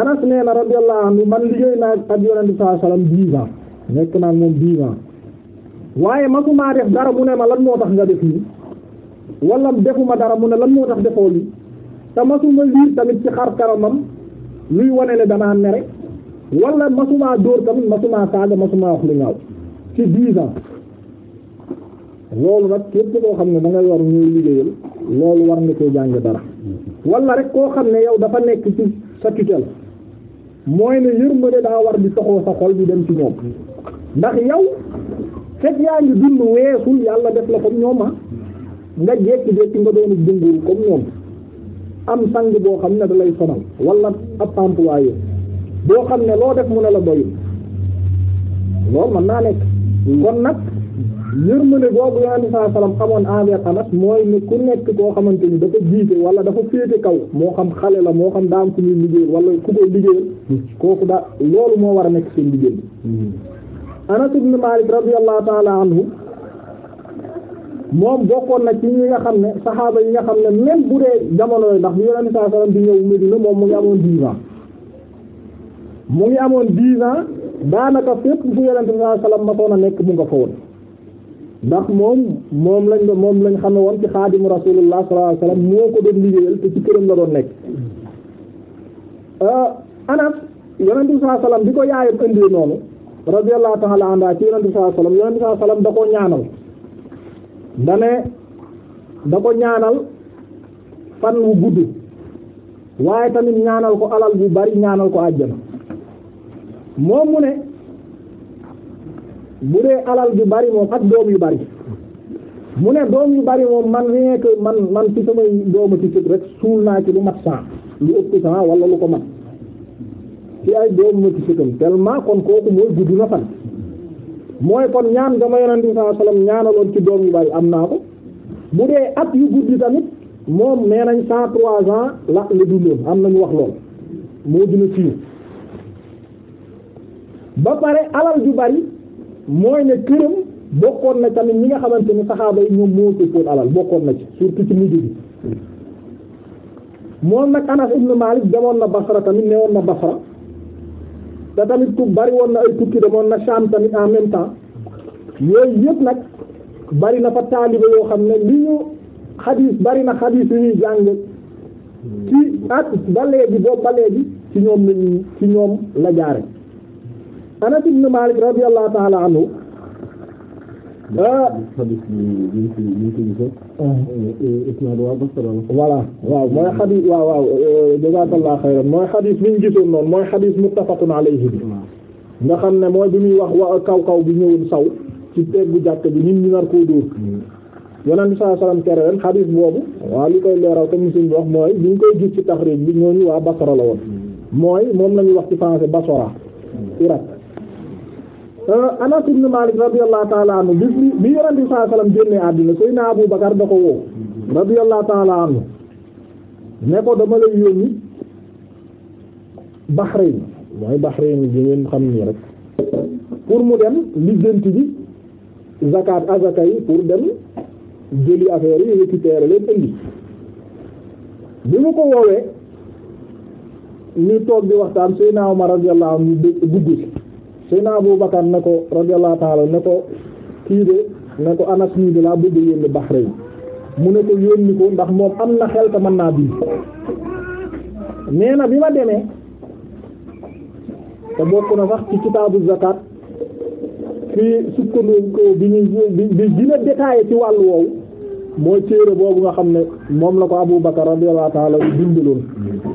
anas nee na radiyallahu anhu man liggéey naa ak yonent bi sallallahu alayhi wasallam dix ans nekk naa moom dix ans waaye masumaa def dara mu ne ma lan moo tax nga def nii wala defuma dara mu ne lan moo tax defoo lii te masuma liir tamit ci xar karamam luy wane ne danaa mere wala masuma dóor tamit masuma saaga masuma wax lu ñaaw ci dix ans loolu nag képp koo xam ne da nga yor ñuy liggéeyal loolu war nga koy jàng dara wala rek koo xam ne yow dafa nekk ci sa tutelle mooy ne yërmande daa war di soxoo sa xol bi dem ci ñoom ndax yow fekk yaa ngi dund weesul yàlla def la comme ñoom ah nga jékki-jékki nga doon dund comme ñoom am sang boo xam ne da lay sonal wala ab employé boo xam ne loo def mu ne la doyul loolu mën naa nekk kon nag yërmande boobu yonent bi sallallahu amoon wasallam xamoon envers Anas mooy ku nekk koo xamante ni dafa jiite wala dafa féete kaw moo xam xale la moo xam daam ku ñuy liggéey wala ku koy liggéeyal kooku da loolu moo war a nekk seen liggéey Anas ibn Malik radiyallahu moom bokkoon na ci ñi nga xam ne saxaaba yi nga xam ne même bu dee jamono ndax yonent bi sallallahu alayhi wasallam di ñëw Medina moom mu ngi amoon dix mu ngi amoon dix ans daanaka fépp fu yonent bi sallallahu alayhi wasallam masoon a nekk mu nga fa woon ndax moom moom lañ moom lañ xame woon ci xaadimu rasulullah sallallahu alayhi wasallam moo ko doon liggéeyal te ci këram la doon nekk euh, anas yonent sa sallallahu alayhi wasallam bi ko yaayam indi noonu radiyallahu ta'ala anha ci yonent bi sallallahu alal bu bari ñaanal ko àjjana moom mu ne bu dee alal ju bari moom ak doom yu bari mu ne doom yu bari moom man rien que man man ci samay doomu ci sut rek suul naa ci lu mat cent lu ëpp cent wala lu ko mat ci ay doomu ma ci sutam tellement kon kooku mooy gudd na fan mooy kon ñaan dama yonent bi sallallahu alayhi ñaanaloon ci doom yu bari am naa ko bu dee at yu guddi tamit moom nee nañ cent trois ans la la dundoon am nañu wax lool moo dina siiw ba pare alal ju bari mooy ne këram bokkoon na tamit ñi nga xamante ni saxaaba yi ñoom moo ëppoon alal bokkoon na ci surtout ci mujj bi moom nag Anas ibn Malik demoon na Basra tamit newoon na Basra te tamit ku bari woon na ay tukki demoon na Sham tamit en même yooyu yëpp nag bari na fa taaliba yoo xam ne li ñu xadiis bari na xadiis yu ñuy jàng ci at ba léegi boobu ba léegi ci ñoom lañu ci ñoom la jaare Anas ibn Malik radiyallahu ta'ala anhu voilà waaw mooy xadis hmm. waaw waaw eh, jazakallahu xayran mooy xadis bi ñu gisoon noonu mooy xadis muttafaqun alayhi bi hmm. nga xam ne mooy bi muy wax wa kaw kaw bi ñëwoon saw ci teggu jàkk bi nit ñi nar koo dóor hmm. yonent bi sallallahu alayhi wasallam boobu waaw li koy leeral comme suñu wax mooy bi ñu koy gis ci taxriij bi ñooñu waa Basra la woon mooy moom lañuy wax ci français Basora Irak Euh, Anas ibn Malik radiyallahu ta'ala anhu bi bi yonent bi sallallahu alayhi wasallam génne àddina Seydina Abu Bakar da ko woo radiyallahu ta'ala anhu dama lay yónni Bahrain mooy Bahrain bi ngeen xam ni rek pour mu dem lijjanti bi zakat azaka yi pour dem jëli affaire yi récupérer leen indi bi mu ko woowee ñu toog di waxtaan Seydina Umar radiyallahu anhu dugg ci Seydina Abu Bakar ne ko radiyallahu ta'ala ne ko kii de ne ko Anas nii de laa bëgg yónni Bahrain mu ne ko yónni ko ndax moom am na xel te man naa bii nee na bi ma demee te bokk na sax ci kitaabu zakat fii sukkandiku bi ñuy bi dina détaillé ci wàllu woowu mooy téere boobu nga xam ne moom la ko Abu Bakar radiyallahu ta'ala bindaloon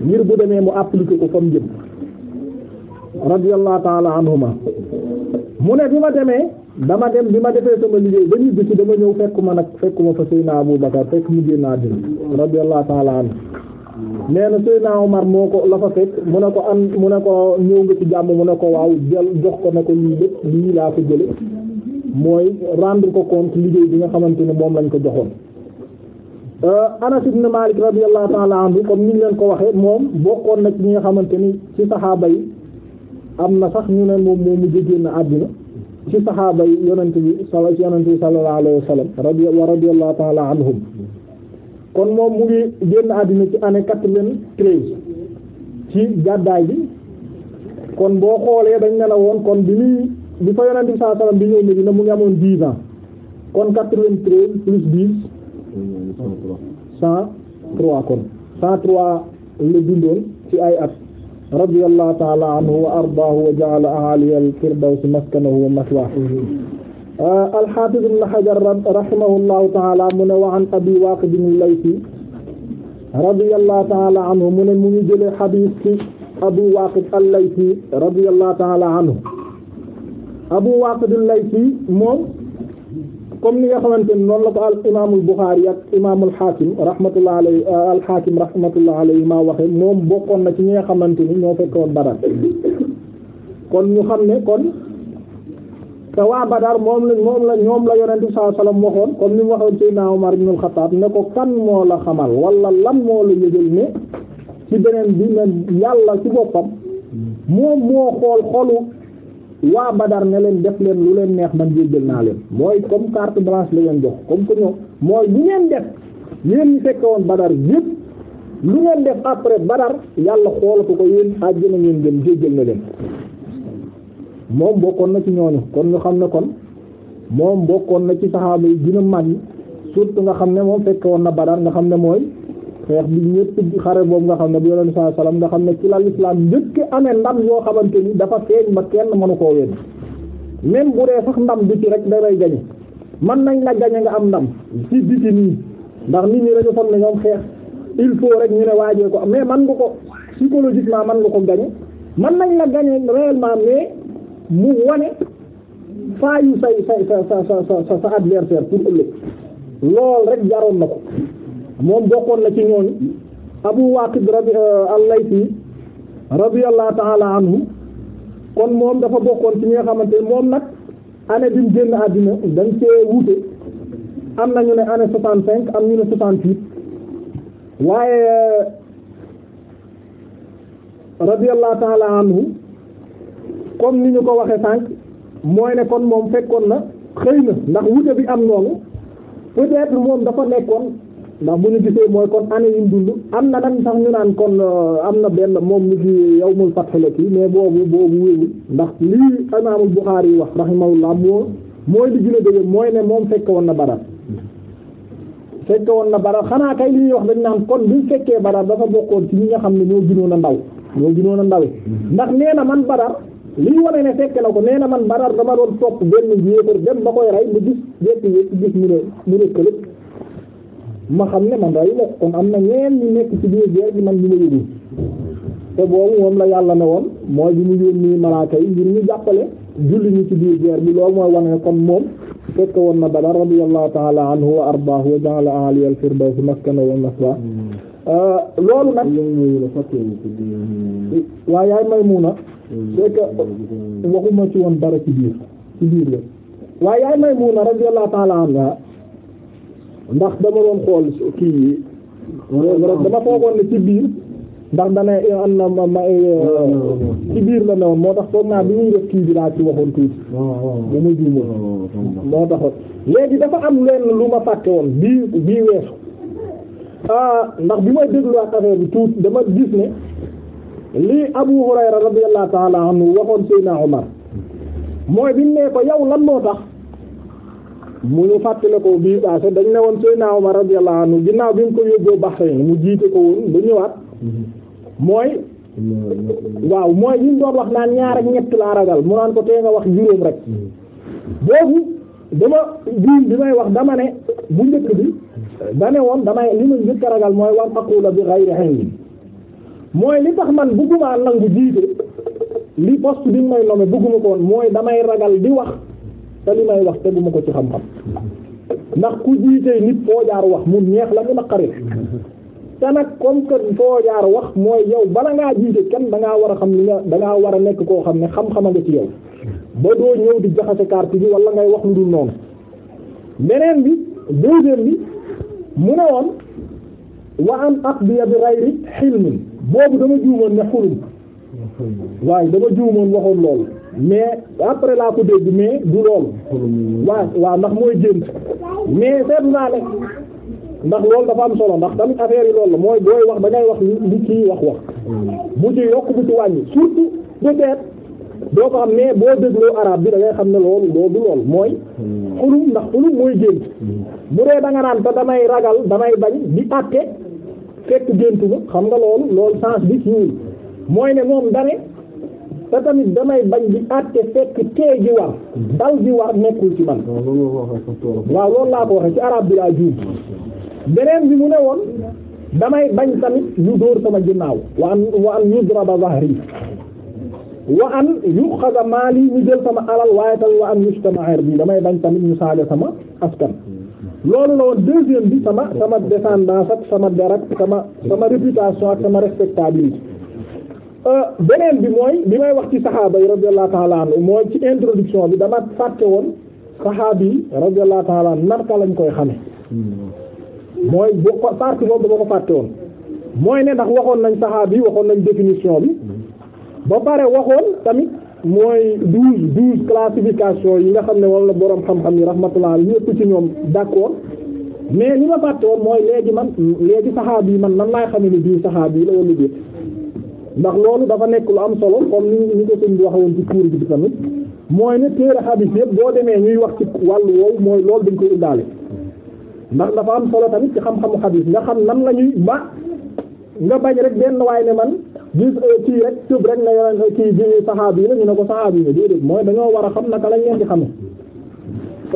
ngir bu demee mu appliqué ko fam jëm radiyallahu taala anhuma mu ne bi ma demee dama dem bi ma defee sama liggéey ba ñu dama ñëw fekk ma nag fekk ma fa Seydina Abu Bakar fekk mu naa àddina radiyallahu taala anhu nee na Seydina moo ko la fa fekk mu ne ko an mu ne ko ñëw nga ci jàmm mu ne ko waaw jox ko ne ko lii lépp lii laa ko jële mooy rendre ko compte liggéey bi nga xamante ne moom lañ ko joxoon euh, Anas ibn Malik radiyallahu taala anhu comme ni leen ko waxee moom bokkoon nag ñi nga xamante ni ci am na sax ñu ne moom moo mujj génn àddina ci saxaaba yonent bi sala yonent bi sallallahu alayhi wa sallam radi wa kon moom mu ngi àddina ci année quatre-vingt-treize ci gàddaay bi kon boo xoolee dañ ne la woon kon bi muy bi fa yonent bi sallallahu alayhi wa sallam bi mu ngi amoon dix ans kon quatre-vingt-treize plus dix cent trois kon cent trois la dundoon ci ay at radiyallahu taala anhu wa ardaahu wa ja'ala ahaliya al-firdawsi maskanahu wa maswaahu ah, al-hafiz ibn hajar rahimahullahu taala mu ne wa an abi waqid al-laythi radiyallahu taala anhu mu ne mu ngi jëlee xadiis ci abu waqid al-laythi radiyallahu taala anhu abu waqid al-laythi moom comme ni nga xamante ni noonu la ko al imaamul Buxaari ak imaamul Xaakim rahmatullah alayhi euh, al Xaakim rahmatullah alayhi maa waxe moom bokkoon na ci ñi nga xamante ni ñoo fekkoon Badar kon ñu xam ne kon te waa Badar moom la moom la ñoom la yonent bi sallallahu alayhi wasallam waxoon comme ni mu waxoon Seydina Umar ibn al-Khattab ko kan moo la xamal wala lan moo la yëgal ne ci beneen bi ne yàlla ci boppam moom moo xool xolu waa Badar ne leen def leen lu leen neex man jéggal naa leen mooy comme carte blanche la leen jox comme que ñoo mooy bu ngeen def yéen ñu fekke woon Badar yëpp lu ngeen def après Badar yàlla xoolatu ko ko yéen àjjana ngeen gën jéggal na leen moom bokkoon na ci ñooñu kon ñu xam ne kon moom bokkoon na ci saxaaba yi gën a mag surtout nga xam ne moom fekke woon na Badar nga xam ne mooy xeex bi ñëpp xare boobu nga xam bu nga xam ne ci la lislaam njëkk amee ndam yoo xamante ni dafa feeñ ba kenn mënu koo wéen même bu dee sax ndam bi ci rek dalay gañe mën nañ la gañe nga am ndam ci biti nii ndax nit ñi dañu foog ne ñoom xeex il rek ñu ne waajee ko mais man nga ko psychologiquement man nga ko gañe man nañ la gañe réellement mais mu wane faayu say say sa sa sa sa adversaire pour ëllëg lool rek jaroon na ko moom bokkoon na ci ñooñu Abu Waqid rabi euh, al-Laythi radiyallahu ta'ala anhu kon moom dafa bokkoon ci ñi nga xamante moom nag année bi génn àddina dañ cee wuute am nañu ne année soixante cinq am ñu ne soixante huit waaye euh, radiyallahu ta'ala anhu comme ni ñu ko waxee sànq mooy ne kon moom fekkoon na xëy na ndax wuute bi am noonu peut-être moom dafa nekkoon ndax bu ñu gisee mooy kon année yi dund am na nag sax ñu naan kon euh, am na benn moom mi ngi yawmul fath la kii mais boobu boobu wéeru ndax lii imaamul Buxaari yi wax rahimahullah moo mooy li gën a dëgg mooy ne moom fekke woon na Badar fekke woon na Badar xanaa kay li ñuy wax dañ naan kon bi fekkee Badar dafa bokkoon ci ñi nga xam ne ñoo gënoon a ndaw ñoo gënoon a ndawe ndax nee na man Badar lii wane ne fekke na ko nee na man Badar dama doon topp benn ba koy rey mu gis jékki gis mu ne mu ma xam ne man rayu la kon am na ñeen ñu nekk ci biir guerre bi man ñu ma yëgul te boobu moom la yàlla ne woon mooy bi mu yónni malaaka yi ngir ñu jàppale julli ñu ci biir guerre bi loolu mooy wane kon moom fekk woon na Badar radiyallahu ta'ala anhu wa ardaahu wa ja'ala a'la al-firdaws maskana wa maswa mm. loolu nag mm. waa yaay Maymuna mm. c'est que waxuma ci woon dara ci biir ci biir la waaye yaay Maymuna radiyallahu ta'ala anha ndax dama doon xool kii yi dama foogoon ne ci biir ndax dana eh, eh, ci biir la newoon moo tax foog naa bi ñuy def kii bi laa ci waxoon tuuti bu ma juumal moo taxoon léegi dafa am lenn lu ma fàtte woon bii bii weesu ah, ndax bi may dégluwaat affaire bi tuuti dama gis ne lii Abu Hurayra radiyallahu ta'ala anhu waxoon Seydina Omar mooy bi mu ne ko yow lan moo tax mu ñu fàttale ko bii passé dañ ne woon Seydina Omar radiyallahu anhu ginnaaw bi mu ko yóbboo Bahrain mu jiite ko woon ba ñëwaat mooy waaw mooy yi mu doon wax naan ñaar ak ñett laa ragal mu naan ko tee nga wax juróom rek boobu dama juum bi may wax dama ne bu njëkk bi dane woon damay li ma njëkk ragal mooy war aqula bi ghayri ilmi mooy li tax man bëgguma nangu jiite li poste bi may nommé bëgguma ko mooy damay ragal di wax te li may wax ma ko ci xam-xam ndax ku jiitee nit foo jaar wax mu ñeex la mu naqari te nag comme que foo wax mooy yow bala ngaa jiite kenn da ngaa war a xam li nga da war a nekk koo xam ne xam-xam a nga ci yow ba doo ñëw di jaxase carte bi wala ngay wax lu dul noonu beneen bi deuxième bi mu ne woon wa an aqdiya bi ghayri hilmin boobu dama juumoon ne xulum waaye dama juumoon waxoon loolu mais après laa ko dégg mais du loolu waaw waaw ndax mooy gént mais seetlu naa ne ndax loolu dafa am solo ndax tamit affaire yi loolu la mooy booy wax da ngay wax li kii wax wax bu ci yokk bu ci wàññi surtout peut-être doo ko xam ne boo dégloo arabe bi da ngay xam ne loolu loolu du loolu mooy xulum ndax xulum mooy gént bu dee da naan te damay ragal damay bañ di àtte fekk géntu ba xam nga loolu loolu sens bi ci mooy ne moom dane te tamit damay bañ di àtte fekk tee ji war dal ji war nekkul ci man waaw loolu laa ko waxee ci arab bi laa juum beneen bi mu ne woon damay bañ tamit ñu dóor sama ginnaaw wa an wa an yudraba zahri wa an yuxaza maali ñu jël sama alal waaye tamit wa an yustama irdi damay bañ tamit ñu saaga sama askan loolu la woon deuxième bi sama sama descendance ak sama der ak sama sama réputation ak sama respectabilité Euh, beneen bi mooy li may wax ci saxaaba yi radiyallahu ta'ala anhu mooy ci introduction bi dama fàtte woon saxaaba yi radiyallahu ta'ala anhu narka lañ koy xame mooy bu ko partie boobu dama ko fàtte woon mooy ne ndax waxoon nañ saxaaba yi waxoon nañ définition bi ba pare waxoon tamit mooy douze douze classification yi nga xam ne wala boroom xam-xam yi rahmatullah ñëpp ci ñoom d'accord mais li ma fàtte woon mooy léegi man léegi saxaaba yi man nan laay xame ni diw saxaaba yi la wala ndax loolu dafa nekk lu am solo comme ni ñu ko sëñ bi waxoon ci tuuri bi tamit mooy ne téere xadiis yëpp boo demee ñuy wax ci wàllu woowu mooy loolu dañ koy indaale ndax dafa am solo tamit ci xam-xamu xadiis nga xam nan la ñuy ba nga bañ rek benn waaye ne man gis euh, kii rek tëb rek na yonen kii ji saxaabi yi ñu ne ko saxaabi yi la déedéet mooy dañoo war a xam naka lañ leen di xame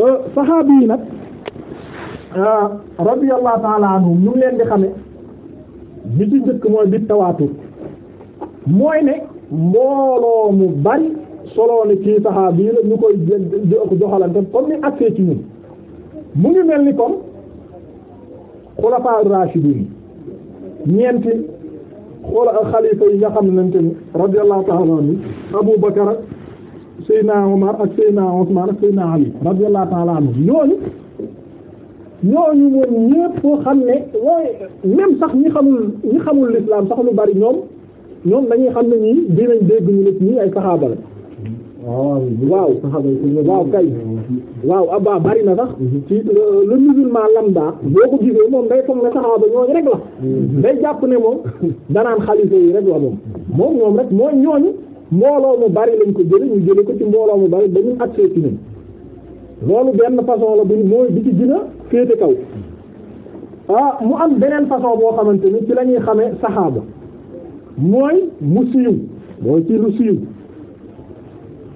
euh, saxaabi yi nag euh, radiyallahu ta'ala anhum leen di xame bi ci njëkk mooy bi mooy ne mbooloo mu bari solo ne ci saxaaba yi la ñu koy joxalante comme ni accès ci ñun mu ngi mel ni comme xulafaa raashidin ñeenti xoola xalifa yi nga xam ne nante ni radiyallahu ta'ala anhu Abu Bakar ak Seydina Omar ak Seydina Ousmane ak Seydina Ali radiyallahu ta'ala anhu ñooñu ñooñu moom ñépp xam ne waaye même sax ñi xamul ñi xamul l'islam sax lu bari ñoom ñoom dañuy xam ne nii dinañ dégg ñu nit ñi ay saxaaba la waaw waaw kay waaw abba bari na sax ci le musulman lambda boo ko gisee moom day foog ne saxaaba ñooñu rek la day jàpp ne moom danaan xalifa yi rek la moom moom ñoom rek mooy ñooñu mbooloo mu bari lañ ko jële ñu jële ko ci mbooloo mu bari dañu accès ci ñun loolu benn façon la buñ mooy bi ci gën féete kaw ah mu am beneen façon boo xamante ni ci la ñuy saxaaba mooy mu siiw mooy ci lu siiw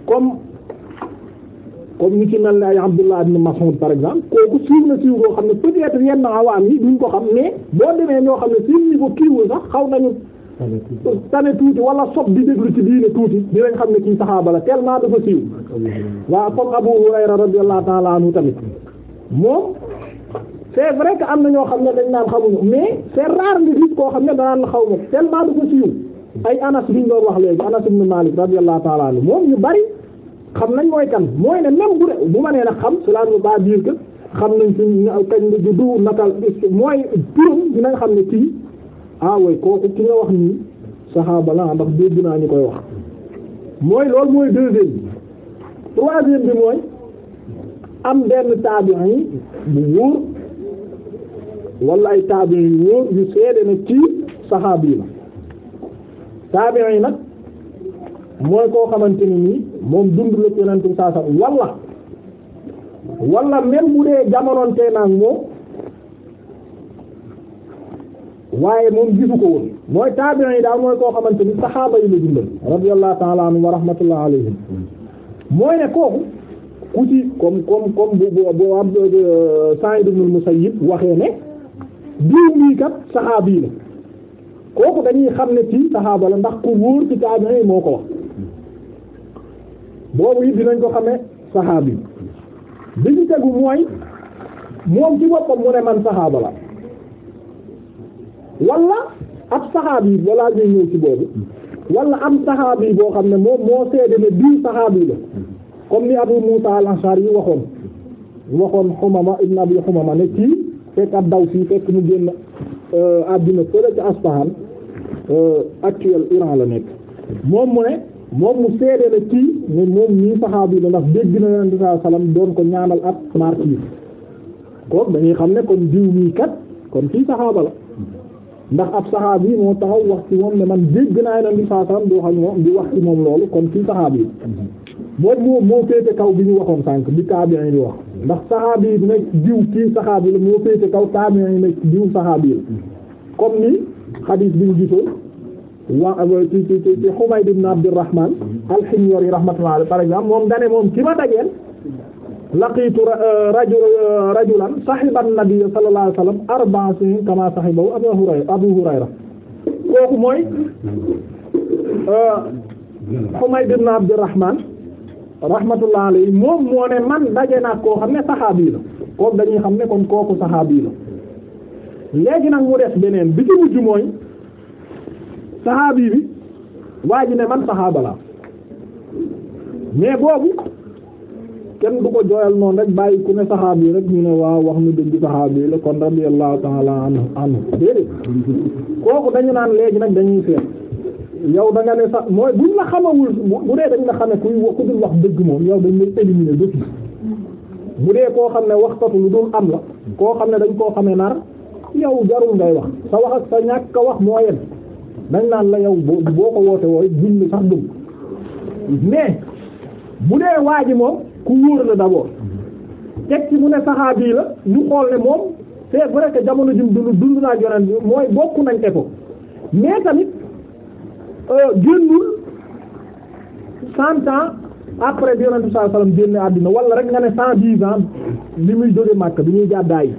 comme comme ñu ci mel ne ay Abdullah ibn Mas'ud par exemple kooku siiw na siiw koo xam ne peut-être yenn awaam yi duñ ko xam mais boo demee ñoo xam ne seen ko kiiwul sax xaw nañu tane tuuti wala sob di déglu ci diine tuuti dinañ xam ne kii saxaaba la tellement dafa siiw waaw comme Abu Hurayra radiyallahu ta'ala anhu tamit moom c'est vrai que am na ñoo xam ne dañ naan xamuñu mais c'est rare nga gis koo xam ne danaan xaw ma tellement du siiw ay anas bi ñu doon wax léegi anas ibn Malik radiyallahu ta'ala anhu moom ñu bari xam nañ mooy kan mooy ne même bu de bu ma nee nag xam cela ne veut pas dire que xam nañ ci kañ la juddu nakal mooy turam dinañ xam ne kii ah way kooku ki nga wax nii naa ñu koy wax mooy loolu mooy deuxième bi bi mooy am benn taabi'i bu wóor. wala ay taabi yu wóor yu seede ne kii saxaabi la taabi yi nag mooy koo xamante ni nii moom dund la yonentu saa sa wala wala même bu dee jamonoontee naag moom waaye moom gisu ko woon mooy taabiin yi daal mooy koo xamante ni saxaaba yi la dundal radiyallahu ta'ala anhu wa rahmatullah alayhim mooy ne kooku ku ci comme comme comme bu bu bu Sa'id ibn al-Musayyib waxee ne diw mii kat saxaabi la kooku dañuy xam ne ci saxaaba la ndax ku wóor ci taabi'i moo ko wax boobu it dinañ ko xamee saxaabi bi ñu tegu mooy moom ci boppam mu ne man saxaaba la wala ab saxaabi balaa ñuy ñëw ci boobu am saxaabi boo xam ne moom moo seede ne diw saxaabi la comme ni Abu Musa al-Ashari waxoon waxoon Humama ibn Abi ne kii fekk ab daw fii fekk mu génn euh, àddina fële ci Aspahan euh, actuel Iran la nekk moom moo ne moom mu seede la kii ne moom ñii saxaab yi la ndax dégg na leen saa salaam doon ko ñaanal ab martyr kooku dañuy xam ne kon diw mii kat kon fii saxaaba la ndax ab saxaab yi moo taxaw wax ci moom ne man dégg naa leen di saa salaam di wax moom di wax ci moom loolu kon fii saxaab yi boobu mm-hmm. moo moo féete kaw bi ñu waxoon sànq bi taabi'in di wax. ndax saxaabi yi nag diw kii saxaabi la moo féete kaw taabiin yi nag diw saxaabi la comme ni xadiis bi ñu gisoon waa ci ci ci Humayd ibn Abdurrahman al-Himyari rahmatullahi alayhi par exemple moom dane moom ci ma dajeel laqiitu rajul rajulan sahiba an-nabiy sallallahu alayhi wa sallam arba'a sinin kama sahibahu Abu Hurayra Abu Hurayra kooku mooy Humayd euh, ibn Abdurrahman rahmatullah alayhi moom moo ne man daje naa koo xam ne saxaabi na kooku dañuy xam ne kon kooku saxaabi la léegi nag mu des beneen bi ci mujj mooy saxaabi bi waa ji ne man saxaaba la mais boobu kenn du ko jooyal noonu rek bàyyi ku ne saxaabi rek ñu ne waaw wax na dëgg saxaabi la kon radiyallahu ta'ala anhu anhu kooku dañu naan léegi nag dañuy seet yow da nga ne sax mooy buñ la xamawul bu dee dañ la xame kuy ku dul wax dëgg moom yow dañ lay éliminer dëgg bu dee koo xam ne wax waxtatu lu dul am la koo xam ne dañ koo xamee nar yow jarul ngay wax sa wax ak sa ñàkk a wax moo yem dañ naan la yow boo boo ko woote wooy junni sax dugg mais bu dee waa ji moom ku wóor la d'abord teg ci mu ne saxaabi la ñu xool ne moom c'est vrai que jamono jum dund dund naa yonent mooy bokku nañ ko mais tamit Euh, génnul cent ans après bi yonent bi sallallahu alayhi wasallam génne àddina wala rek nga ne cent dix ans li muy jóge Makka bi ñuy gàddaay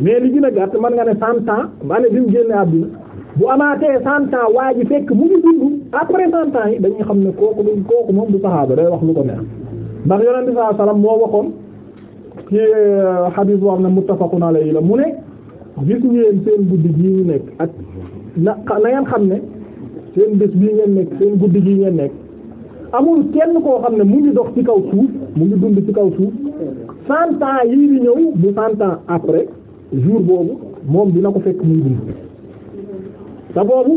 mais li gën a gàtt mën nga ne cent ans ma ne bi mu génne àddina bu amaatee cent ans waa ji fekk mu ngi dund après cent ans yi dañuy xam ne kooku du kooku moom du saxaaba day wax lu ko neex ndax yonent bi sallallahu alayhi wasallam moo waxoon ci euh, xadiis boo xam ne muttafaqun alayhi la mu ne gis ngeen seen guddi gii ñu nekk ak na na ngeen xam ne seen bés bii ngeen nekk seen guddi gi ngeen nekk amul kenn koo xam ne mu ngi dox ci kaw suuf mu ngi dund ci kaw suuf cent ans yii ñëw bu cent ans après jour boobu moom dina ko fekk muy dund te boobu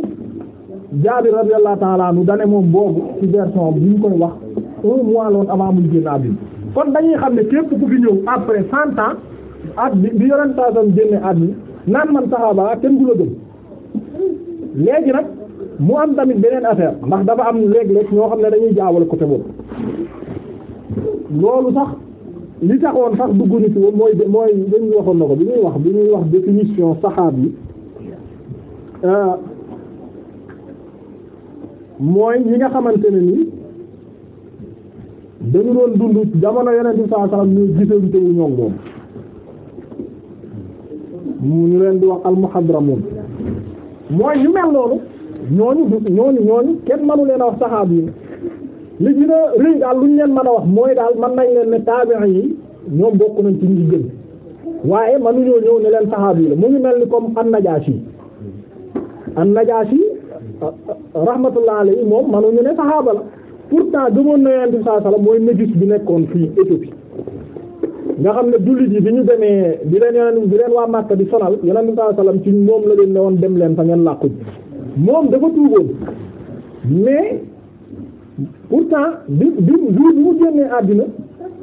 Jaabir radiyallahu ta'ala anhu dane moom boobu ci version bi ñu koy wax un mois loon avant muy génn àddina kon dañuy xam ne képp ku fi ñëw après cent ans at bi bi yorentasam génne àddina naan man saxaaba kenn du la gëm léegi nag mu am tamit beneen affaire ndax dafa am léeg-léeg ñoo xam ne dañuy jaawal côté boobu loolu sax li taxoon sax dugguñu ci mooy mooy dañuy waxoon na ko bi ñuy wax bi ñuy wax définition saxaab yi euh, mooy yi nga xamante ne ni dañu doon dund jamono yeneen bi saa saxam ñuy gisante wu ñoom moom mu ñu leen di wax almuhadramun mooy ñu mel loolu ñooñu du ñooñu ñooñu kenn manu leen a wax saxaaba yi li gën a rëy daal lu ñu leen man a wax mooy daal man nañ leen ne taabi'i yi ñoom bokk nañ ci ñi gën waaye manuñoo ñëw ne leen saxaaba yi la mu ngi mel ni comme an-Najaashi yi najaashi rahmatullah alayhi moom manuñu ne saxaaba la pourtant gëmoon na Yonent bi sallallahu alayhi la mooy Négus bi nekkoon fii Éthiopie nga xam ne jullit yi bi ñu demee bi leen Yonent bi leen waa Makka di sonal Yonent bi ci moom la ne woon dem leen fa ngeen làqu moom dafa tuuboon mais pourtant bi bi jour bi mu génnee àddina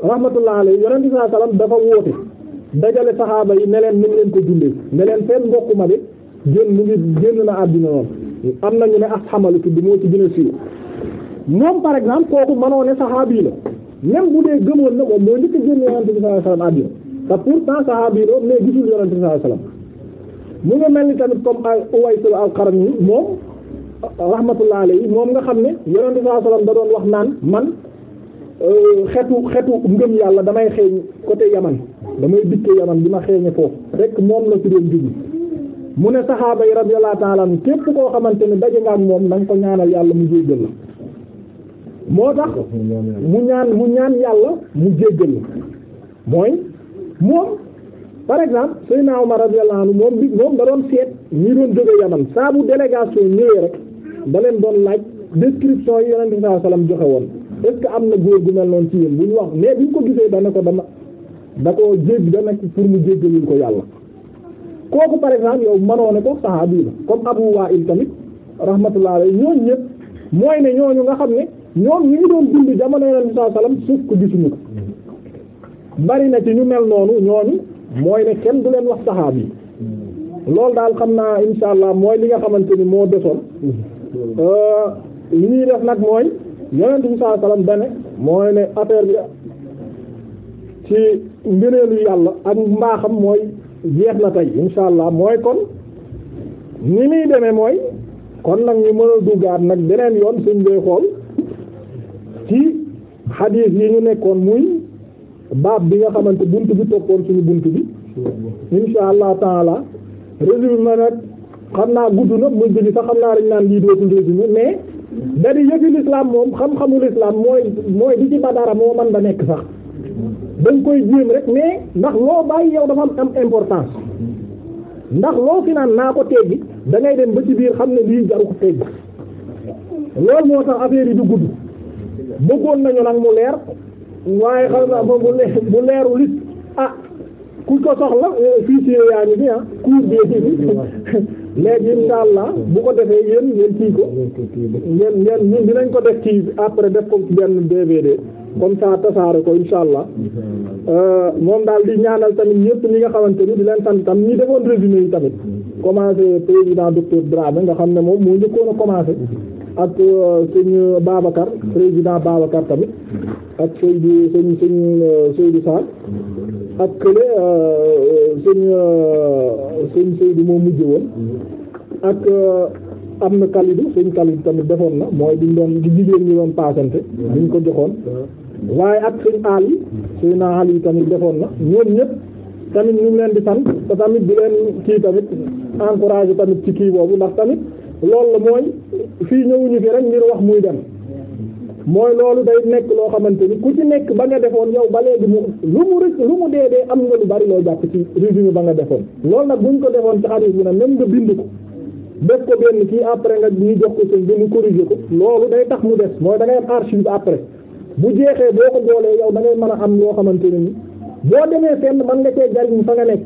rahmatullah alayhi yonent bi sallallahu alayhi wasallam dafa woote dajale saxaaba yi ne leen ni leen ko dundee ne leen seen mbokk ma de génn mu ngi génn na àddina noonu am nañu ne asxamalu tudd moo ci gën a siiw moom par exemple kooku mënoo ne saxaabi la même bu dee gëmoon na moom moo njëkk a génn yonent bi sallallahu alayhi wasallam àddina te pourtant saxaabi la mais gisul yonent bi mu ngi mel ni tamit comme al Uwaysul al-Qarni moom rahmatullah alayhi moom nga xam ne yonent bi sallallahu alayhi da doon wax naan man euh, xetu xetu ngëm yàlla damay xeeñ côté yaman damay dikkee yaman bi ma xeeñe foofu rek moom la ci doon jigi mu ne saxaaba yi radiyallahu ta'ala anhu képp koo xamante ne daje nga moom na nga ko ñaanal yàlla mu jéggal tax mu ñaan mu ñaan yàlla mu jéggal la mooy moom par exemple Seydina Omar radiyallahu anhu moom bi moom da doon seet ñi doon jóge Yaman saa bu délégation ñëwee rek da leen doon laaj description yi yonent bi sallallahu alayhi wasallam joxe woon est-ce que am na góor gu mel noonu ci yéen bu ñu wax mais bi ñu ko gisee dana ko dama da ko jégg da nekk pour mu jéggalul ko yàlla kooku par exemple yow mënoo ne ko sahabi la comme Abu Wa'il tamit rahmatullah alayhi ñooñu ñëpp mooy ne ñooñu nga xam ne ñoom ñu ngi doon dund jamono yonent bi sallallahu alayhi wasallam suuf ko ko bari na ci ñu mel noonu ñooñu mooy ne kenn du leen wax saxaab yi lool daal xam naa insha mooy li nga xamante ni moo desoon euh, li ñuy def nag mooy yonent bi sallallahu alayhi wasallam dane mooy ne affaire bi ci ngëneelu yàlla ak mbaaxam mooy jeex na tey insha allah mooy kon ni muy demee mooy kon nag ñu mën a duggaat nag beneen yoon suñ dee xool ci xadiis yi ñu nekkoon muy baab bi nga xamante bunt bi toppoon suñu bunt bi insha allah taala résumé ma nag xam naa gudd na mujj bi sax xam naa dañ naan lii dootul résumé mais da di yëfi l'islam moom xam-xamu l'islam mooy mooy di ci badara moo man da nekk sax da koy jéem rek mais ndax loo bàyyi yow dafa am importance ndax loo fi naan naa ko teggi da ngay dem ba ci biir xam ne lii jaru ko teggi loolu moo tax affaire yi gudd bëggoon nañu nag mu leer waaye xam naa bu leer bu leerul ah, ku ko soxla eh, fichier yaa ngi fi ah cours bi léegi incha allah bu ko defee yéen ngeen kii ko ngeen ngeen ñun dinañ ko def kii après def ko ci benn comme ça tasaare ko incha allah euh, moom daal di ñaanal tamit ñëpp ñi nga xamante ni di leen sant tam ñi defoon résumé yi tamit commencé président docteur Dramé nga xam ne moom moo njëkkoon a commencé ak euh, sëñ Babacar président Babacar tamit ak Seydou sëñ sëñ euh, Seydou Sarr ak kële sëñ sëñ Seydou moo mujj woon ak euh, am na Khalidou sëñ Khalidou tamit defoon na mooy bi ñu doon di jigéen ñi doon paasante bi ñu ko joxoon waaye ak sëñ Ali sëñ naa Ali tamit defoon na ñoom ñëpp tamit ñu leen di sant te tamit di leen kii tamit encouragé tamit ci kii boobu ndax tamit loolu la mooy fii ñëwuñu fi rek ngir wax muy dem mooy loolu day nekk loo xamante ni ku ci nekk ba nga defoon yow ba léegi mu lu mu rëcc lu mu dee dee am nga lu bari loo jàpp ci résumé ba nga defoon lool nag bu buñ ko defoon ci xarit bi nag même nga bind ko def ko benn kii après nga ñu jox ko sëñ bi mu corrigé ko loolu day tax mu des mooy da ngay am archive après bu jeexee boo ko boolee yow da ngay mën a am loo xamante ne ni boo demee fenn mën nga cee jariñ fa nga nekk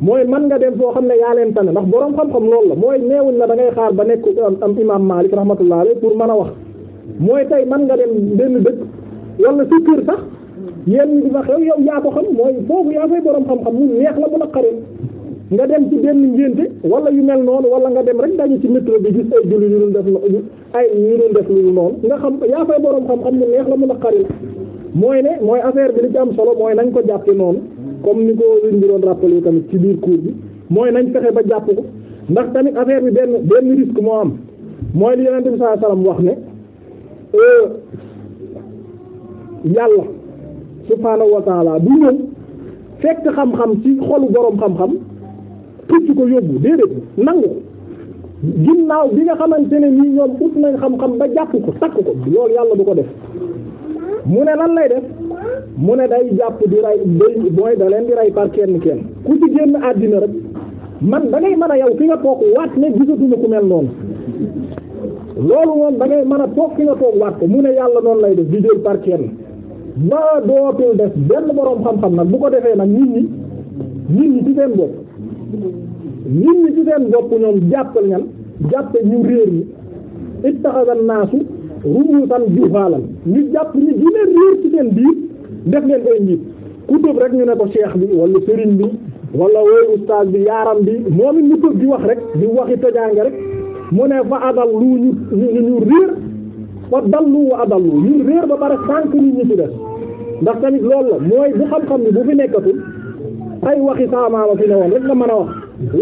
mooy man nga dem foo xam ne yaa leen tane ndax borom xam-xam loolu la mooy neewuñ la da ngay xaar ba nekk am imam Malik rahmatullah alayhi pour mën a wax mooy tey mën nga dem benn dëkk wala sa kër sax yenn di fa xew yow yaa ko xam mooy foofu yaa fay borom xam-xam mu neex la bu a xaree nga dem ci benn ngénte wala yu mel noonu wala nga dem rek dañu ci métro bi gis ay julli yu dul def nga xam yaa fay borom xam-xam mu neex la mu la xaree mooy ne mooy affaire bi li ci am solo mooy nañ ko jàppe noonu comme ni ko liñ bi doon rappelé tamit ci biir cours bi mooy nañ fexe ba jàpp ko ndax tamit affaire bi benn benn risque moo am mooy li yonent bi sallallahu alayhi wasallam wax ne. yàlla subhaanahu wa bu ñëw fekk xam-xam ci xolu boroom xam-xam tucc ko yóbbu déedéet nangu ginnaaw bi nga xamante ne nii ñoom ut nañ xam-xam ba jàpp ko takk ko loolu yàlla du ko def mu ne lan lay def mu ne day jàpp di rey day mooy da leen di ray par kenn kenn ku ci génn àddina rek man da ngay mën a yow ki nga toog waat ne gisatuma ku mel noonu loolu moom da ngay mën a toog ki nga toog waat ko mu ne yàlla noonu lay def di jël par kenn ba dootul def benn boroom xam-xam nag bu ko defee nag nit ñi nit ñi ci seen bopp nit ñi ci seen bopp ñoom jàppal ñan jàppe ñu réer ñi ittaxadan naasu rubuusan juhaalan ñu jàpp ñi gën a réer ci seen biir def leen ay njiit ku rek ñu ne ko cheikh bi wala sëriñ bi wala wooy ustaas bi yaaram bi moom it ñu tëb di wax rek di waxi tojaange rek mu ne fa adallu ñu ñu ñu réer fa dallu wa adallu ñu réer ba pare sànq nit ñi ci des ndax tamit loolu la mooy bu xam-xam ni bu fi nekkatul ay waxi saamaama fi la woon rek nga mën a wax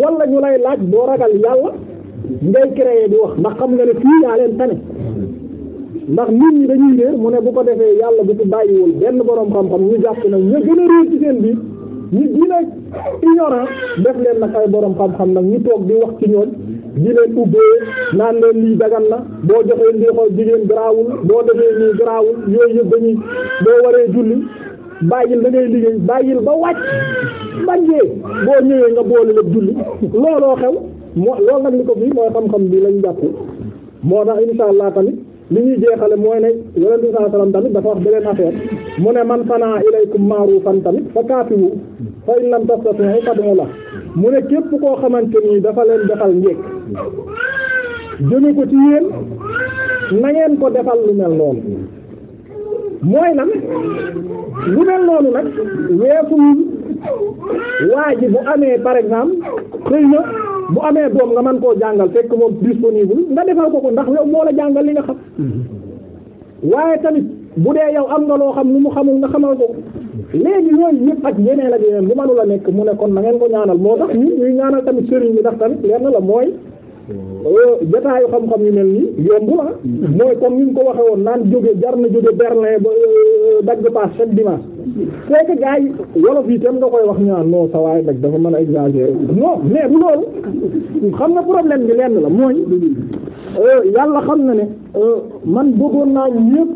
wala ñu lay laaj boo ragal yàlla ngay créer di wax ndax xam nga ne fii yaa leen tane ndax nit ñi dañuy réer mu ne bu ko defee yàlla bu ci bàyyiwul benn borom xam-xam ñu jàpp nag ñu gën a réer ci seen biir ñu gën a def leen na ay borom xam-xam nag ñu toog di wax ci di leen ubbee naan leen lii dagan na boo joxee ndéexoo jigéen garawul boo defee nii garaawul yooyu yëpp dañuy boo waree julli bàyyil da ngay liggéey bàyyil ba wàcc bànjee boo ñëwee nga boole lépp julli looloo xew moo loolu nag li ko fii mooy xam-xam bi lañ jàpp moo tax insha allah tamit li ñuy jeexale mooy ne yonent bi sallam tamit dafa wax beneen affaire mu ne man sanaa ilaykum ma'rufan tamit fa kaafiwu fa in lam tastati'u fad'u la mu ne képp koo xamante nii dafa leen defal njekk jëme ko ci yéen na ngeen ko defal lu mel noonu mooy lan lu mel noonu nag weesuwul waa ji bu amee par exemple xëy na bu amee doom nga mën koo jàngal fekk moom disponible nga defal ko ko ndax yow moo la jàngal li nga xam mm-hmm. waaye tamit bu dee yow am nga loo xam lu mu xamul nga xamal ko léegi yooyu yëpp ak yeneen ak yeneen bu mënu la nekk mu ne kon na ngeen ko ñaanal moo tax ñun ñuy ñaanal tamit sëriñ bi ndax tamit lenn la mooy euh, jotaayu xam-xam yu mel nii yomb la ah. mooy comme ni ñu ko waxee woon naan jóge jar na jóge Berlin ba euh, dagg paas chaque dimanche c'est que gars yi wolof yi tam nga koy wax ñaan non sa waay nag dafa mën a exagérer non mais bu loolu xam nga problème bi lenn la mooy euh, yàlla xam na ne Euh, man bëggoon naa ñëpp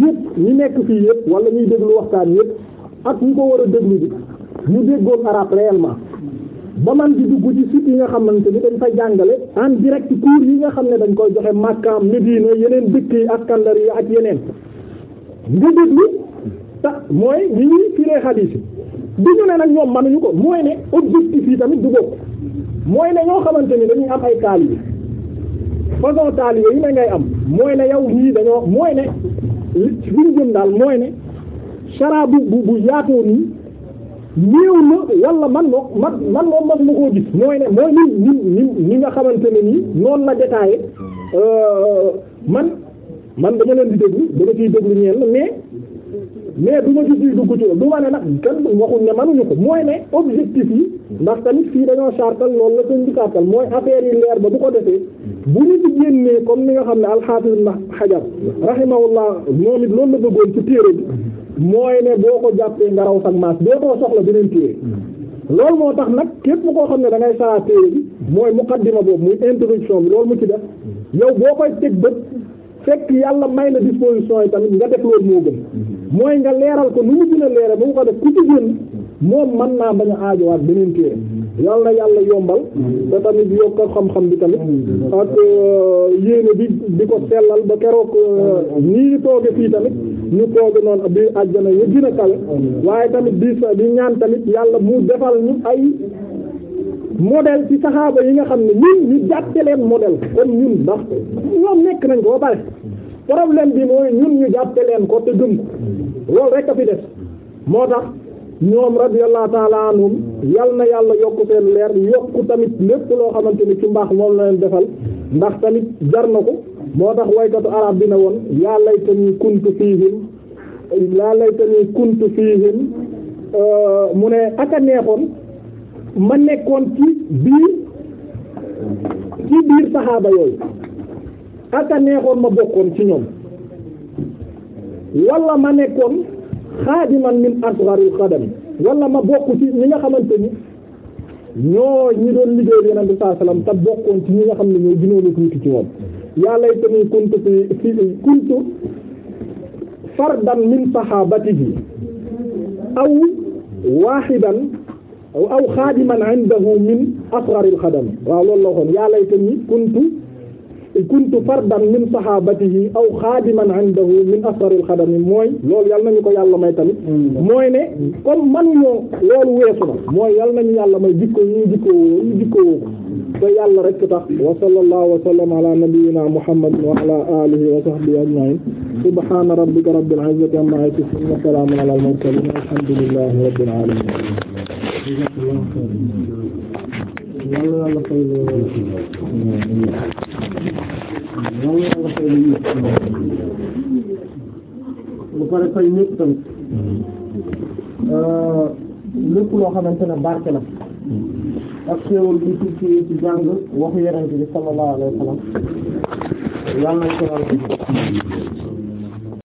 ñëpp ñu nekk fii yëpp wala ñuy déglu waxtaan yëpp ak ñu ko war a déglu bi ñu déggoon arab réellement ba man di dugg ci site yi nga xamante ni dañ fay jàngale en direct cours yi nga xam ne dañ koy joxe Makka Medina yeneen dëkk yi askandar yi ak yeneen nga déglu ta mooy ñi ñuy firee xadiis yi bi ñu ne nag ñoom mënuñu ko mooy ne objectif yi tamit du bokk mooy ne ñoo xamante ni dañuy am ay kaal yi façon taalibe yi ne ngay am mooy na yow ñii dañoo mooy ne fi ñu jëm daal mooy ne chara bu bu bu yaatoo nii néew na wala man moo man man moom man ma koo gis mooy ne mooy ni ni ni nga xamante ne nii noonu la détaillé euh, man man dama leen di déglu dama ciy déglu ñeen mais mais du ma ci biir dugg ci du ma ne nag kenn waxuñ ne mënuñu ko mooy ne objectif yi ndax tamit fii dañoo sartal loolu la sëñ bi sartal mooy affaire yi leer ba bu ko defee bu ñu ci génnee comme ni nga xam ne alxaafis na xajar rahimahullah moom it loolu la bëggoon ci téere bi mooy ne boo ko jàppee nga raw sag maas boo ko soxla beneen téere loolu moo tax nag képp koo xam ne da ngay saa téere bi mooy muqaddima boobu muy introduction bi loolu mu ci def yow boo koy teg bët fekk yàlla may la disposition yi tamit nga def loolu moo gën mooy nga leeral ko nu mu gën a leeral ba nga ko def ku ci gën moom mën naa bañ a aajowaat beneen téere yàlla na yàlla yombal te tamit yokk xam-xam bi tamit ak euh, yéene bi di ko sellal ba keroog euh, nii tooge fii tamit ñu tooge noonu bi àjjana ya gën a kawe waaye tamit di sa di ñaan tamit yàlla mu defal ñu ay modèle ci saxaaba yi nga xam ne ñun ñu jàppe leen modèle comme ñun ndax ñoom nekk nañ ko ba pare problème bi mooy ñun ñu jàppe leen ko te gëm ko loolu rek a fi def moo tax ñoom radiyallahu ta'ala yal na yàlla yokk seen leer yokku tamit lépp loo xamante ni ci mbaax moom la leen defal ndax tamit jar na ko moo tax waykatu arab dina woon yaa laytani kuntu ko yaa laytani kuntu fiihim euh, mu ne aka neexoon ma nekkoon ci biir ci biir saxaaba yooyu aka neexoon ma bokkoon ci ñoom wala ma nekkoon xaadiman min asgharil xadami wala ma bokk ci ñi nga xamante ni ñoo ñu doon liggéey yonent bi sallallahu te bokkoon ci ñi nga xam ne ñoo gënoon a tuuti ci moom yàlla itamit kuntu fi kuntu fardan min sahabatihi aw waaxidan aw xaadiman indahu min asgharil xadam waaw loolu la waxoon yaa laytani kuntu kuntu fardan min sahabatihi aw xaadiman indahu min asgharil xadam mooy loolu yal nañu ko yàlla may tamit mooy ne comme manuñoo loolu weesu na mooy yal nañu yàlla may jikko yi ñu jikko yi jikko te yàlla rek tax wa sallallahu wa sallam ala nabiyyina muhammadin wa ala alihi wa sahbihi ajma'in subhana rabbika rabbil izzati amma yasifun wa salamun ala al mursalin walhamdulillahi rabbil alamin lu pare fay ñëpp tamit lépp loo xamante ne barke la ak xéewal bi tukkee ci jàng waxu yonent bi sallallahu alayhi wa sallam yàlla nañ